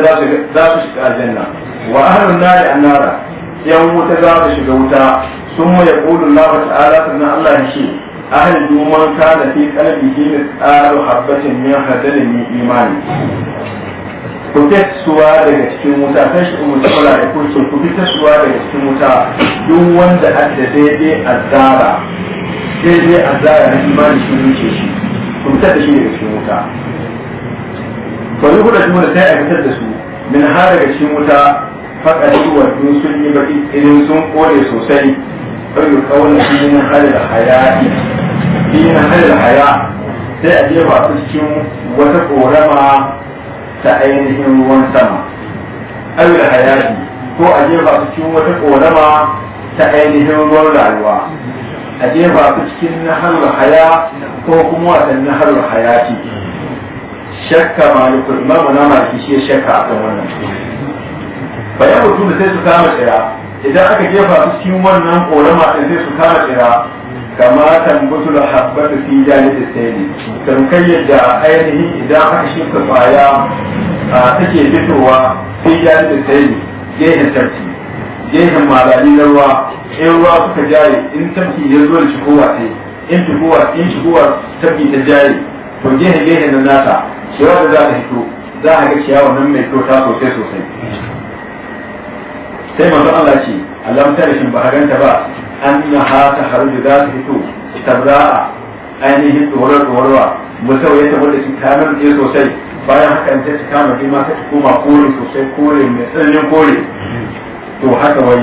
ذات الجنة وأهل النار النار يوم تذاب شجوتا ثم يقول الله تعالى فإن الله يشي أهل من كان في قلبه مثقال حبة من خردل من إيمان ku suwa daga cikin wuta kan shi umar tsola da kurce ku suwa daga cikin wuta duk wanda aka da daidai azaba daidai azara na imanin shi wuce shi ku fitar da shi daga cikin wuta to yi kuɗa cikin sai a fitar da su min har daga cikin wuta faɗa shi wa sun yi baki irin sun kore sosai ɗauki kawai shi yin halin hayaƙi shi haya sai a jefa su cikin wata ƙorama ta ainihin ruwan sama aure hayati ko a jefa su cikin wata ƙorama ta ainihin ruwan rayuwa a jefa su cikin nahar haya ko kuma wasan nahar hayati shakka maliku imamu na maliki shi shakka a kan wannan bayan mutum da sai su kama tsira idan aka jefa su cikin wannan ƙorama sai su kama tsira kama tambutul habbatu fi janibi sayyi tamkar yadda ainihin idan aka shuka kwaya take fitowa fi janibi sayyi gehen tarki gehen malali na ruwa in ruwa suka jaye in tarki ya zo da shigowa sai in shigowa in shigowa tarki ta jaye to gehen gehen na nata ciyawa da za ta fito za a ga ciyawa nan mai kyauta sosai sosai sai manzo Allah ce alam tarishin ba ganta ba anna ha ta haruju za su fito tabra'a ainihin tsoron tsorowa musau ya tabbata shi kamar ke sosai bayan haka in ta ci kama ke ma ta koma kore sosai kore mai tsananin kore to haka wai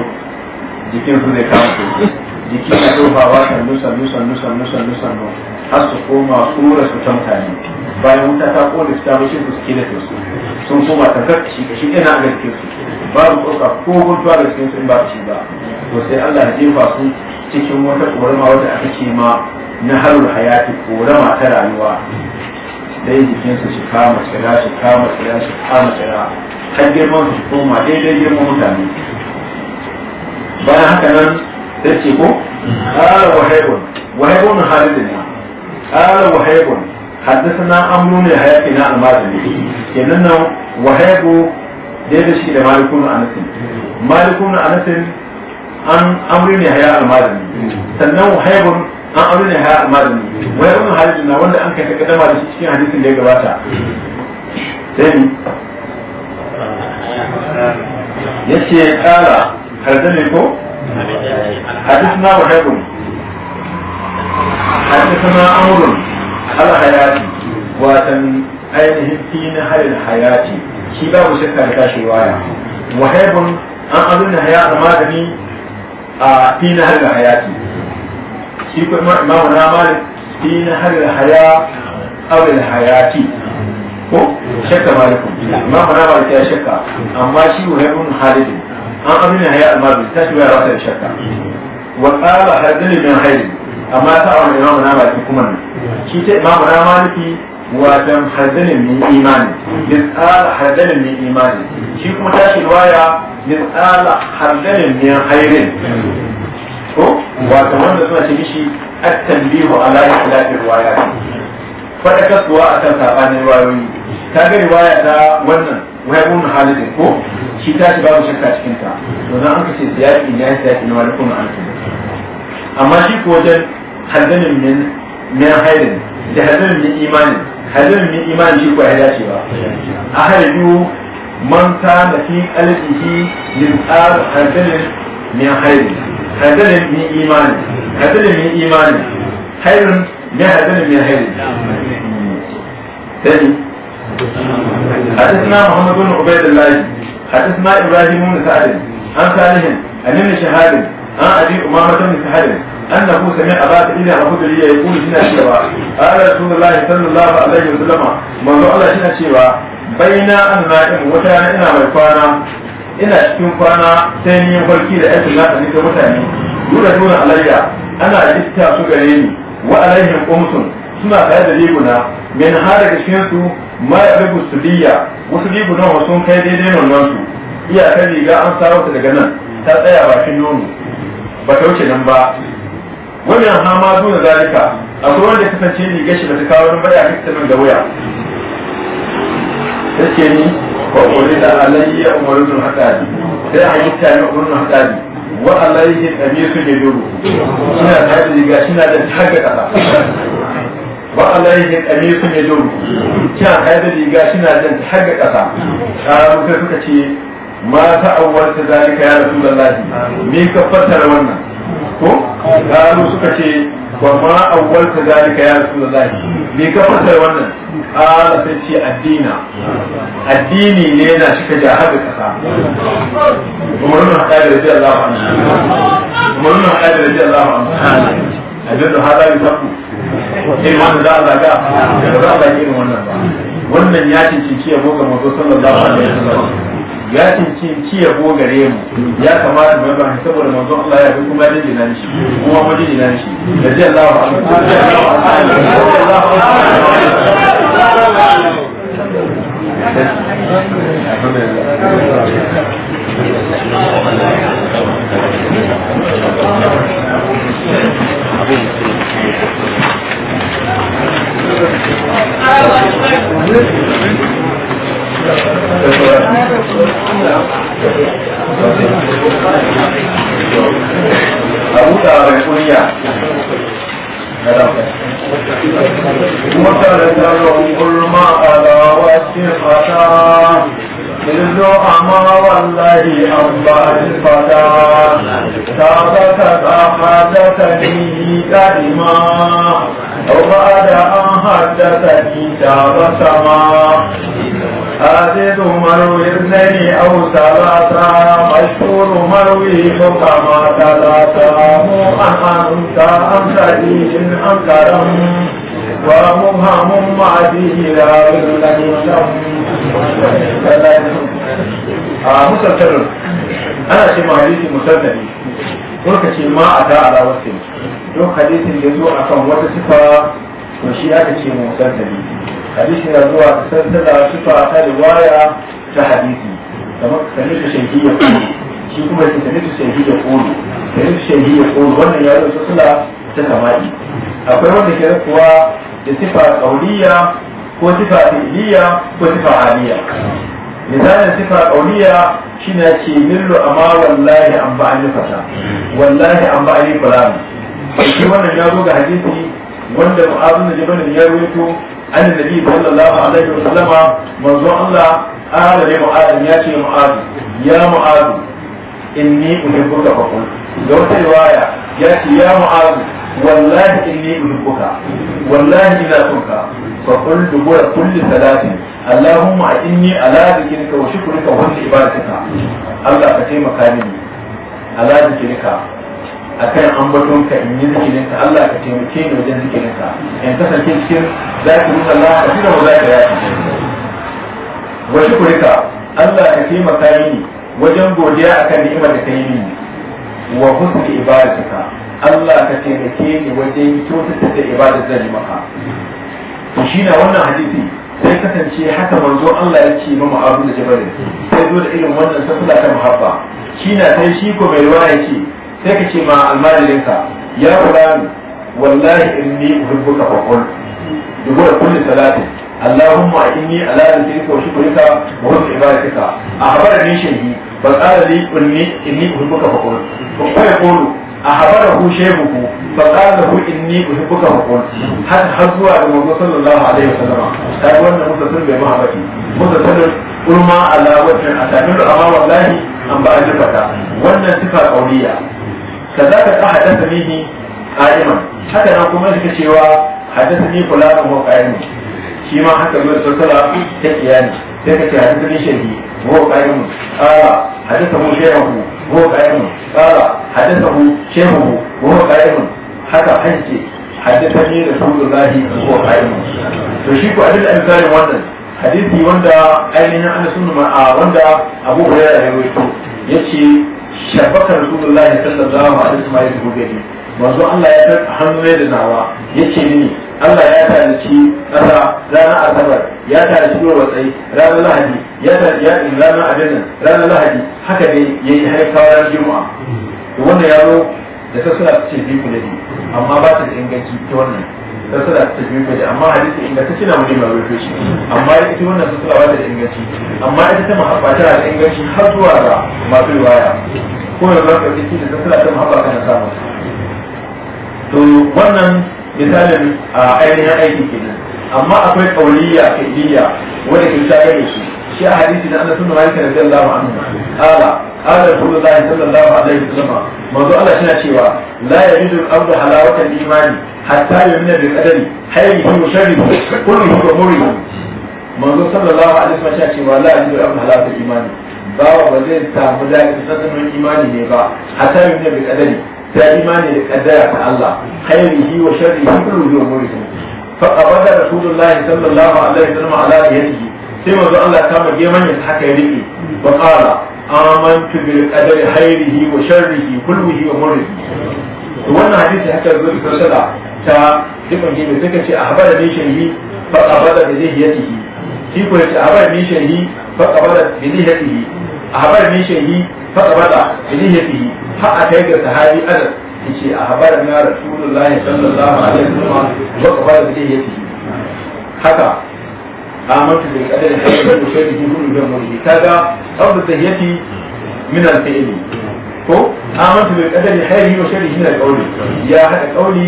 jikin su zai kama sosai jiki na dofawa sannu sannu sannu sannu sannu sannu har su koma sura su ta mutane bayan wuta ta kone su ta mai shirku suke da su sun koma tankar kashi kashi ina ga cikin su babu tsoka ko guntuwa da cikin su in ba shi ba to sai Allah ya jefa su cikin wata korama wadda aka ce ma na harul hayati korama ta rayuwa dai jikin su shi kama tsira shi kama tsira shi kama tsira har girman su koma daidai girman mutane bayan haka nan sai ce ko mm. ƙara wahaibun wahaibun halidina ƙara wahaibun حدثنا عمرو بن يحيى بن المازني كأنه وهيب ديرشي لمالك بن أنس مالك بن أنس عن عمرو بن يحيى المازني سنه وهيب an aure ne haya almazini wai wannan hadisin wanda an kai ta kadama da shi cikin hadisin da ya gabata sai ni yace kala harzani ko hadisna wa haibun hadisna amrun alhayati watan ainihin fi na halin hayati shi ba babu shakka da tashi waya wahaibun an abin da haya almadani a fi na halin hayati shi kuma imamu na malik fi na halin haya awil hayati ko shakka malikun imamu na malik ya shakka amma shi wahaibun halidin an abin da haya almadani tashi waya ba ta shakka wa qala hadin min hayrin amma ta aure imamu na baki kuma ne shi ta imamu na maliki wajen hardanin min imani misal hardanin min imani shi kuma tashi waya misal hardanin min hairin ko wato wanda suna ce mishi at-tanbihu ala ikhlafi riwayat fadaka a akan sabanin riwayoyi ta ga riwaya ta wannan wai wahibun halidin ko shi tashi babu shakka cikin ta to dan an kace siyaki ne ya siyaki ne wani kuma an amma shi ko wajen halbanin min min hairin da halbanin min imanin halbanin min imanin shi ko ya dace ba a haidu man kana fi qalbihi min qar halbanin min hairin halbanin min imanin halbanin min imanin hayrin min halbanin min hairin ثاني حدثنا محمد بن عبيد الله حدثنا ابراهيم بن سعد عن صالح عن ابن عن ابي امامه بن سعد أنه سمع أبا سعيد الخدري يقول هنا شيوا قال رسول الله صلى الله عليه وسلم من قال هنا شيوا بين أن نائم وتانا إنا مكوانا ina cikin kwana sai ni farki da aikin nasa ni ga mutane dole dole alayya ana iska su gare ni wa alaihim qumsun suna tare da riguna min har da cikin su ma ya rubu suliya wasu sun kai daidai nonon su iyakar riga an sawo daga nan ta tsaya bakin nono ba ta nan ba wannan hama ma zuwa zalika akwai wanda kasance ni gashi ba kawo ba ya kake min da waya take ni wa qulil alayya umar ibn hadabi sai a yi tare umar ibn hadabi wa alayhi qamisu yaduru ina da riga ina da taka wa alayhi qamisu yaduru kina da riga ina da taka kasa sai suka ce ma ta'awwalta zalika ya rasulullahi me ka fassara wannan ko gano suka ce wa ma awwalta zalika ya ka fasar wannan ala sai ce addina addini ne yana jahar kasa na abin da a ba za a irin wannan ba wannan ya cinci mazo sallallahu alaihi wasallam ya ci ya yabo gare mu ya kamata mu ba saboda manzo Allah ya bi kuma dinin nan shi kuma mu dinin nan shi radiyallahu anhu radiyallahu anhu Thank you. abu da mai a na rafa mutane da kulma amma wallahi an ba fata, ta zata ta hadata ni ƙarima, ba da an hadata ni ta ba sama, حادث مروي اثنين أو ثلاثة مشهور مروي حكما ثلاثة مؤمن أنت أم سديد أم كرم ومبهم مع به لا غلا يسم مسلسل أنا شيء حديثي مسلسل lokaci ma a da ala wasu don hadisin da zo akan wata sifa to shi aka ce mu musaddali hadisi na zuwa ta su sifa ta riwaya ta hadisi kamar sanita shaiki ya kuru shi kuma yake sanita shaiki ya kuru sanita shaiki ya kuru wannan ya zo sassala ta samadi akwai wanda ke kuwa da sifa kauliya ko sifa fi'liya ko sifa haliya misalin sifa kauliya shine ce millu amma wallahi an ba an fata wallahi an ba an fulani shi wannan ya zo ga hadisi wanda mu'azun na jibrin ya rawaito an nabi sallallahu alaihi wasallama manzo Allah ala ne mu'adin ya ce mu'adin ya mu'adin inni uhibbuka fa qul da wata riwaya ya ce ya mu'adin wallahi inni uhibbuka wallahi ina sonka fa qul dubura kulli salatin allahumma inni ala dhikrika wa shukrika wa ibadatika Allah ka taimaka mini ala akan ambaton ka in yi zikirin Allah ka taimake ni wajen zikirin in kasance cikin zakirin Allah ka tuna wa ka ya wa shukurika Allah ka taimaka ni wajen godiya a kan ni'imar da ka yi mini wa husni ibadatika Allah ka taimake ni wajen kyautata da ibadar da maka to shi na wannan hadisi sai kasance haka manzo Allah ya ce ma Mu'awiya da Jabal sai zo da irin wannan safula ta muhabba shi na sai shi ko mai ruwa ya ce sai ka ce ma almajirinka ya fulani wallahi inni uhibbuka fa qul dubura kulli salatin اللهم إني على ذكرك وشكرك وحسن عبادتك أخبرني شيخي فقال لي إني إني أحبك فقل فيقول أخبره شيخه فقال له إني أحبك فقل حتى حزوا على النبي صلى الله عليه وسلم قال وأن مسلم بمحبتي مسلم ulma ala wajen a tafi da amma wallahi an ba a jifata wannan sifa kauniya كذاك فحدثني قائما حتى لو كما ذلك cewa حدثني فلان هو قائم shi ma haka yau da tattala ta kiyani sai ka ce hadithani shahi هو قائم قال حدثه شيخه هو قائم قال حدثه شيخه وهو قائم حتى حجي حدثني رسول الله هو قائم to shi ko adil misalin wannan hadisi wanda ainihin ana sunna a wanda Abu Hurairah ya shabaka rasulullahi sallallahu alaihi wa sallam gari manzo Allah ya tar hannu ne da nawa yace ni Allah ya tarici kasa ranar asabar ya tarici yau watsai ranar lahadi ya tarici ya in ranar abin ranar lahadi haka dai yayi har kawar juma'a to wannan yaro da ta suna ce bi kula amma ba ta da inganci ta wannan ta suna ta tafi kai amma hadisi ingantacce na mutum ba rufe shi amma ita wannan ba ta da inganci amma ita ta mahabba ta da inganci har zuwa ga masu riwaya ko da za ka cikin da suna ta mahabba na samu to wannan misalin a ainihin aiki kenan amma akwai kauliya fi'liya wanda ke shayar da shi shi a hadisi da Allah sunna malika radiyallahu anhu qala qala rasulullah sallallahu alaihi wasallam manzo Allah shi cewa la yajidu al-abdu halawatan imani hatta yu'mina bi qadari hayrihi wa sharrihi kullihi wa murrihi manzo sallallahu alaihi wasallam shi cewa la yajidu al-abdu imani bawa ba zai samu daɗin sanin imani ne ba hatta yu'mina bi qadari ta imani da Allah wa فقبض رسول الله صلى الله عليه وسلم على يده sai manzo Allah ta kama geman ya haka ya rike wa qala amantu bil qadari khairihi wa sharrihi kullihi wa murrihi to wannan hadisi haka zo da sada ta dukkan gefe suka ce a habara ne shehi fa qabala bi lihiyatihi shi ko ce a habara ne shehi fa qabala bi lihiyatihi a habara ne shehi fa qabala bi lihiyatihi ha a kai ga sahabi anas yace a habara na rasulullahi sallallahu alaihi wa wasallam wa qabala bi lihiyatihi haka amantu bil qadari khayrihi wa sharrihi kullu dhamrihi kaga qabla tayyati min al fi'li ko amantu bil qadari khayrihi wa sharrihi min al qawli ya hada qawli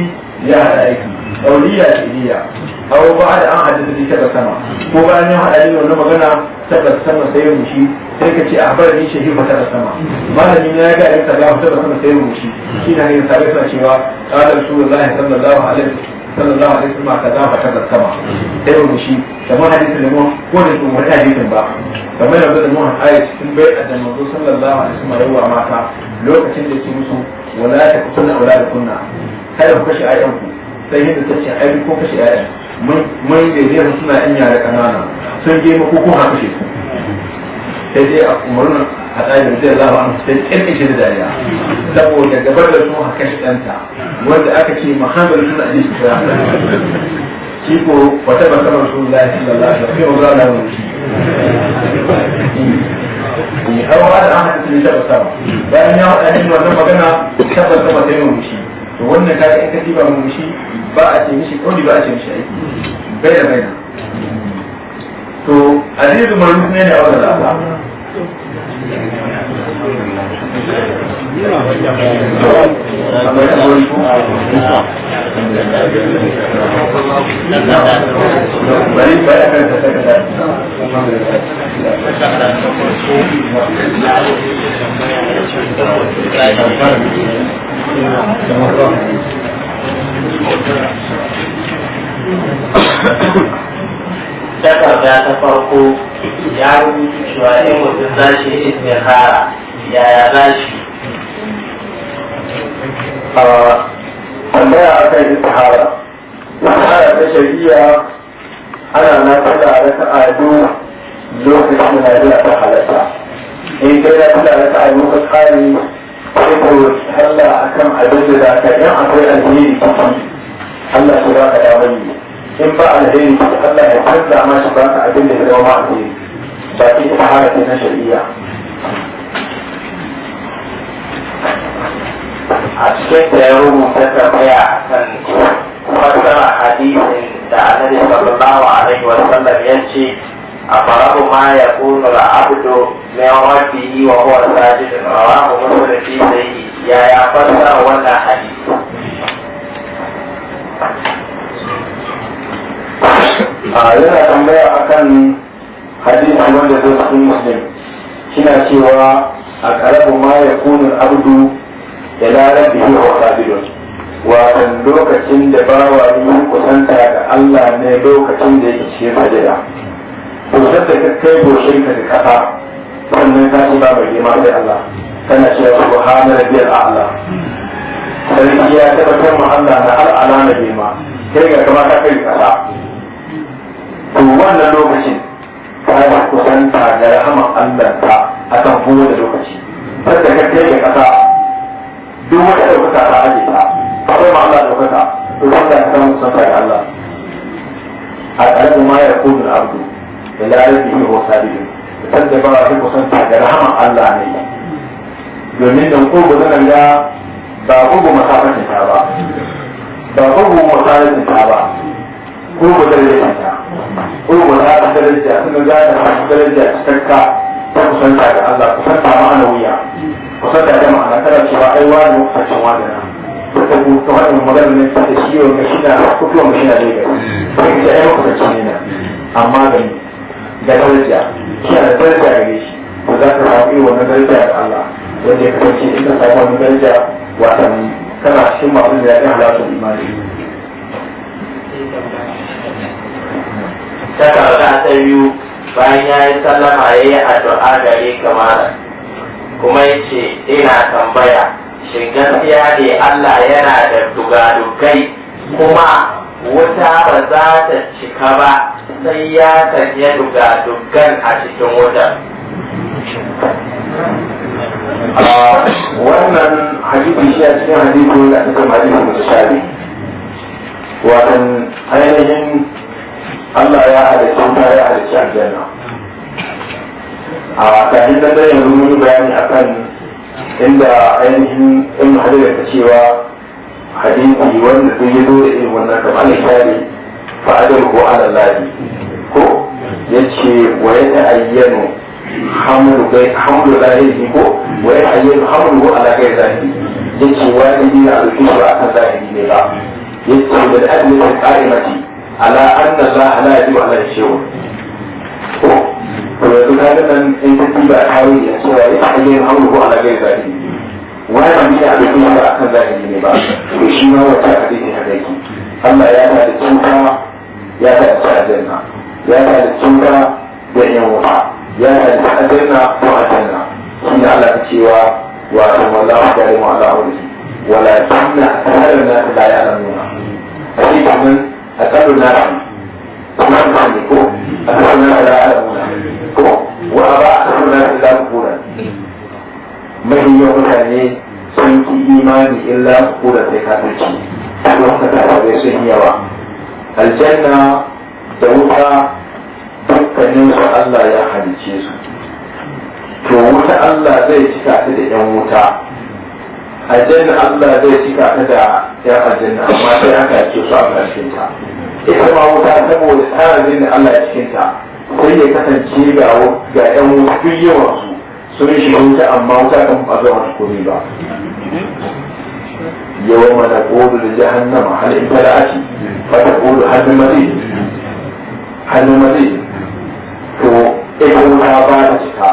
ya hada aiki qawliya fi'liya aw ba'da an haddathani kaza sama ko bayan ya hada ni wannan magana tabbas sama sai mu shi sai ka ce ahbarani shehi fatar sama malami na ya ga ayyuka da fatar sama sai mu shi shi ne ne ka cewa qala rasulullahi sallallahu alaihi wasallam kaza fa kaza sama irin shi kamar hadisin da mun ko da kuma wata hadisin ba kamar da da mun ayi cikin bai da manzo sallallahu alaihi wasallam yawa mata lokacin da ke musu wala ta kunna wala aulada kunna kada ku kashe ayyanku sai yadda ta ce ai ko kashe ayyan mun mun da ne suna yan yare kanana sun je ma ko kun ha kashe su sai dai a umarnin haɗari da zai lafa an sai ƙirƙi shi da dariya saboda gabar da su haka shi ɗanta wanda aka ce muhammad sun a jishi kira shi ko wata ba saman su la ilaha illallah da fiye wa na wuce ni hawa da an haɗa cikin tabbas sama bayan ya haɗa cikin wannan magana tabbas sama sai mu wuce to wannan kaga ka ba mu wuce ba a ce mishi ba a ce mishi aiki bai da bai to azizu marufu ne da wanda Thank you. farko ya rubuta cewa in mutum za shi yi istihara yaya za shi tambaya a kan yi istihara istihara ta shari'a ana na tada da ta'adu lokacin na zuwa ta halatta in dai na tada da ta'adu ka tsari sai ko a kan abin da za ka yi akwai alheri ciki Allah su ba ka damar yi in ba alheri Allah ya canza ma shi ba abin da ya zama ma alheri ba ke ta hana ke na shari'a a cikin da ya rubuta tambaya a kan fassara hadisin da annabi sallallahu alaihi wa sallam ya ce a farabu ma ya kunu al'abdu min rabbihi wa huwa sajidun rawahu muslim fi sahihi yaya fassara wannan hadisi a yana tambaya akan hadisin wanda zai sun muslim shina cewa a karabu ma ya kunin abdu ya lalar da yawa sabidun watan lokacin da bawa yi kusanta ga Allah ne lokacin da yake cikin sajada kusan da kai goshin ka da kasa sannan ka ba mai girma da Allah kana cewa biyar rabbiyal Allah sarki ya tabbatar mu Allah na al'ala na girma kai ga kama ka kai kasa to wannan lokacin tana kusanta da rahama Allah ta akan da lokaci wanda ka kai ga kasa duk wata ɗaukaka ta aje ta akwai ma Allah ɗaukaka to wanda ka samu kusanta da Allah a ƙarfi ma ya kudu abdu da larar da yi wa sabibi san da ba a fi kusanta da rahama Allah ne domin da ko ba zan ga ba ko ba masafacin ta ba ba ko ba masafacin ta ba ko ba zan ta ulul azmi daraja kuma za ta samu daraja cikakka ta kusanta ga Allah kusanta ma'anawiya kusanta da ma'ana tana cewa ai wani mafacin wani na ta ku ta wani magana ne ta da shi wani shi na kuka wani shi da daidai sai ta ai mafaci ne na amma da ga daraja shi da daraja gare shi ba za ta samu irin wannan daraja ga Allah wanda ya kasance in ka samu wannan daraja wasan kana cikin masu da ya ɗan halatun imani. ta karɓa ta biyu bayan ya yi sallama ya yi addu'a gare kamala kuma ya ce ina tambaya shin gaskiya ne Allah yana da dugadugai kuma wuta ba za ta cika ba sai ya sanya dugadugan a cikin wutar. wannan hadisi shi a cikin hadisi da aka kama hadisi mutashabi watan ainihin Allah ya halicci ta ya halicci aljanna a tare da dai yanzu mun bayani akan inda ainihin in hadira ta cewa hadisi wanda duk ya zo da irin wannan kamar misali fa'adar ko ala ladi ko yace wa ya ayyano hamdu bai hamdu lahi ko wa ya ayyano hamdu ala kai zahiri yace wani ne a rufe shi akan zahiri ne ba yace da adalci qaimati على أن الله لا يجب على الشيوخ ويقول هذا من يتكيب أحاوي الشوائي حيين أمره على غير ذلك وهذا من يعبدون على أكثر ذلك من بعض وشيما وتاء به عليك أما يا أهل السنة يا أهل السنة يا أهل السنة دعي وطاع يا أهل السنة وأهلنا حين على السوى وأتم الله كريم على أوله ولكن أهل الناس لا يعلمون أشيء من أسأل نار ما معني كو أسألنا على أعلمنا كو وأبا أسألنا إلا كفورا ما هي mutane sun imani illa da sai kafirci don haka kafirai sun yawa aljanna da wuta dukkanin su Allah ya halice su to wuta Allah zai cika ta da yan wuta aljanna Allah zai cika ta da yan aljanna amma sai an kace su a cikin ta ita ma wuta saboda tsarin da Allah cikin ta sai ya kasance ga ga yan wuta yawan su sun wuta amma wuta kan ba zuwa komai ba يوم تقول لجهنم هل امتلأت فتقول هل من مزيد هل من مزيد فإنها باتتها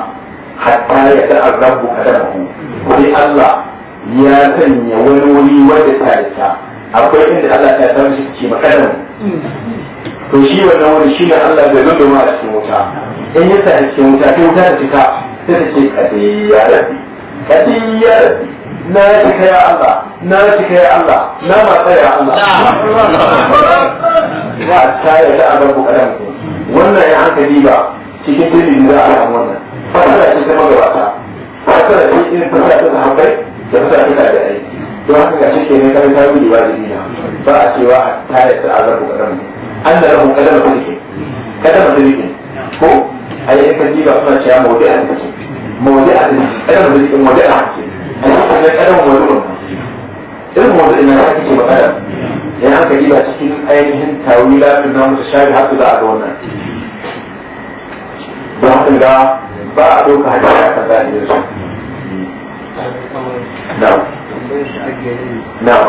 حتى يتأرب كلامه ولأن Allah. ya sanya wani wuri wanda ta isa akwai inda Allah ta samu shi ke makadan to shi wannan wani shi ne Allah bai zo domin a cikin wuta in ya sa cikin wuta sai wuta ta cika sai ta ce kadiyya rabbi kadiyya rabbi na cika ya Allah na cika ya Allah na ma tsaya Allah ba ta yi da abin bukadan wannan ya hankali ba cikin dalilin da Allah wannan fasara ce ta magabata fasara ce irin fasara ta sahabbai don sa ina da aiki don haka ga shi kenan kan ta wuri wajibi na ba a cewa ta ya sa azabu kadan an da rahu kadan ku dike kadan ku dike ko ai ka ji ba kuma cewa mawdi'a dike a dike kadan ku dike mawdi'a dike ai kuma kadan mawdi'a irin mawdi'a na ka ce ba kadan ya haka ji ba cikin ainihin tawila din na mutashabi har da a wannan don haka ga ba a ɗauka hadisi a kan zahirin su نعم نعم نعم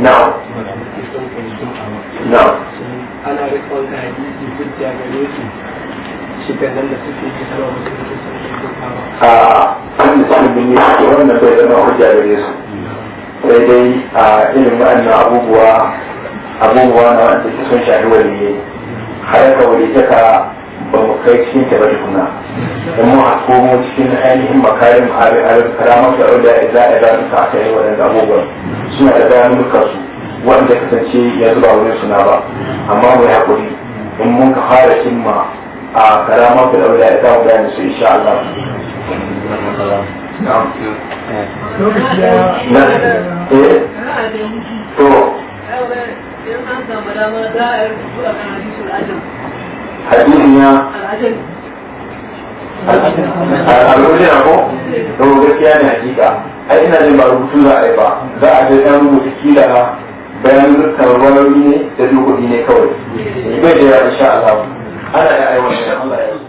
نعم نعم نعم ana rikon da yi sama mutum da suke yi a an sai dai a ilimin wa'annan abubuwa abubuwa na wanda ke sun shafi wani ne waliye harka walijaka ba mu kai cikin ta ba tukuna da mu a komo cikin ainihin makarin ma'arin karamar da auda ya za a ranar ta aka yi waɗanda abubuwan suna da ranuka su wanda kasance ya zuba wurin suna ba amma mu haƙuri in mun ka fara cimma a karamar da auda ya za mu gane su insha Allah. hadisiya al'adun ko to gaskiya ne hakika ina jin ba rubutu za a yi ba za a rubuta kila bayan rukkan wani ne da dubu ne kawai bai da yawa. insha Allah ana ya aiwatar Allah ya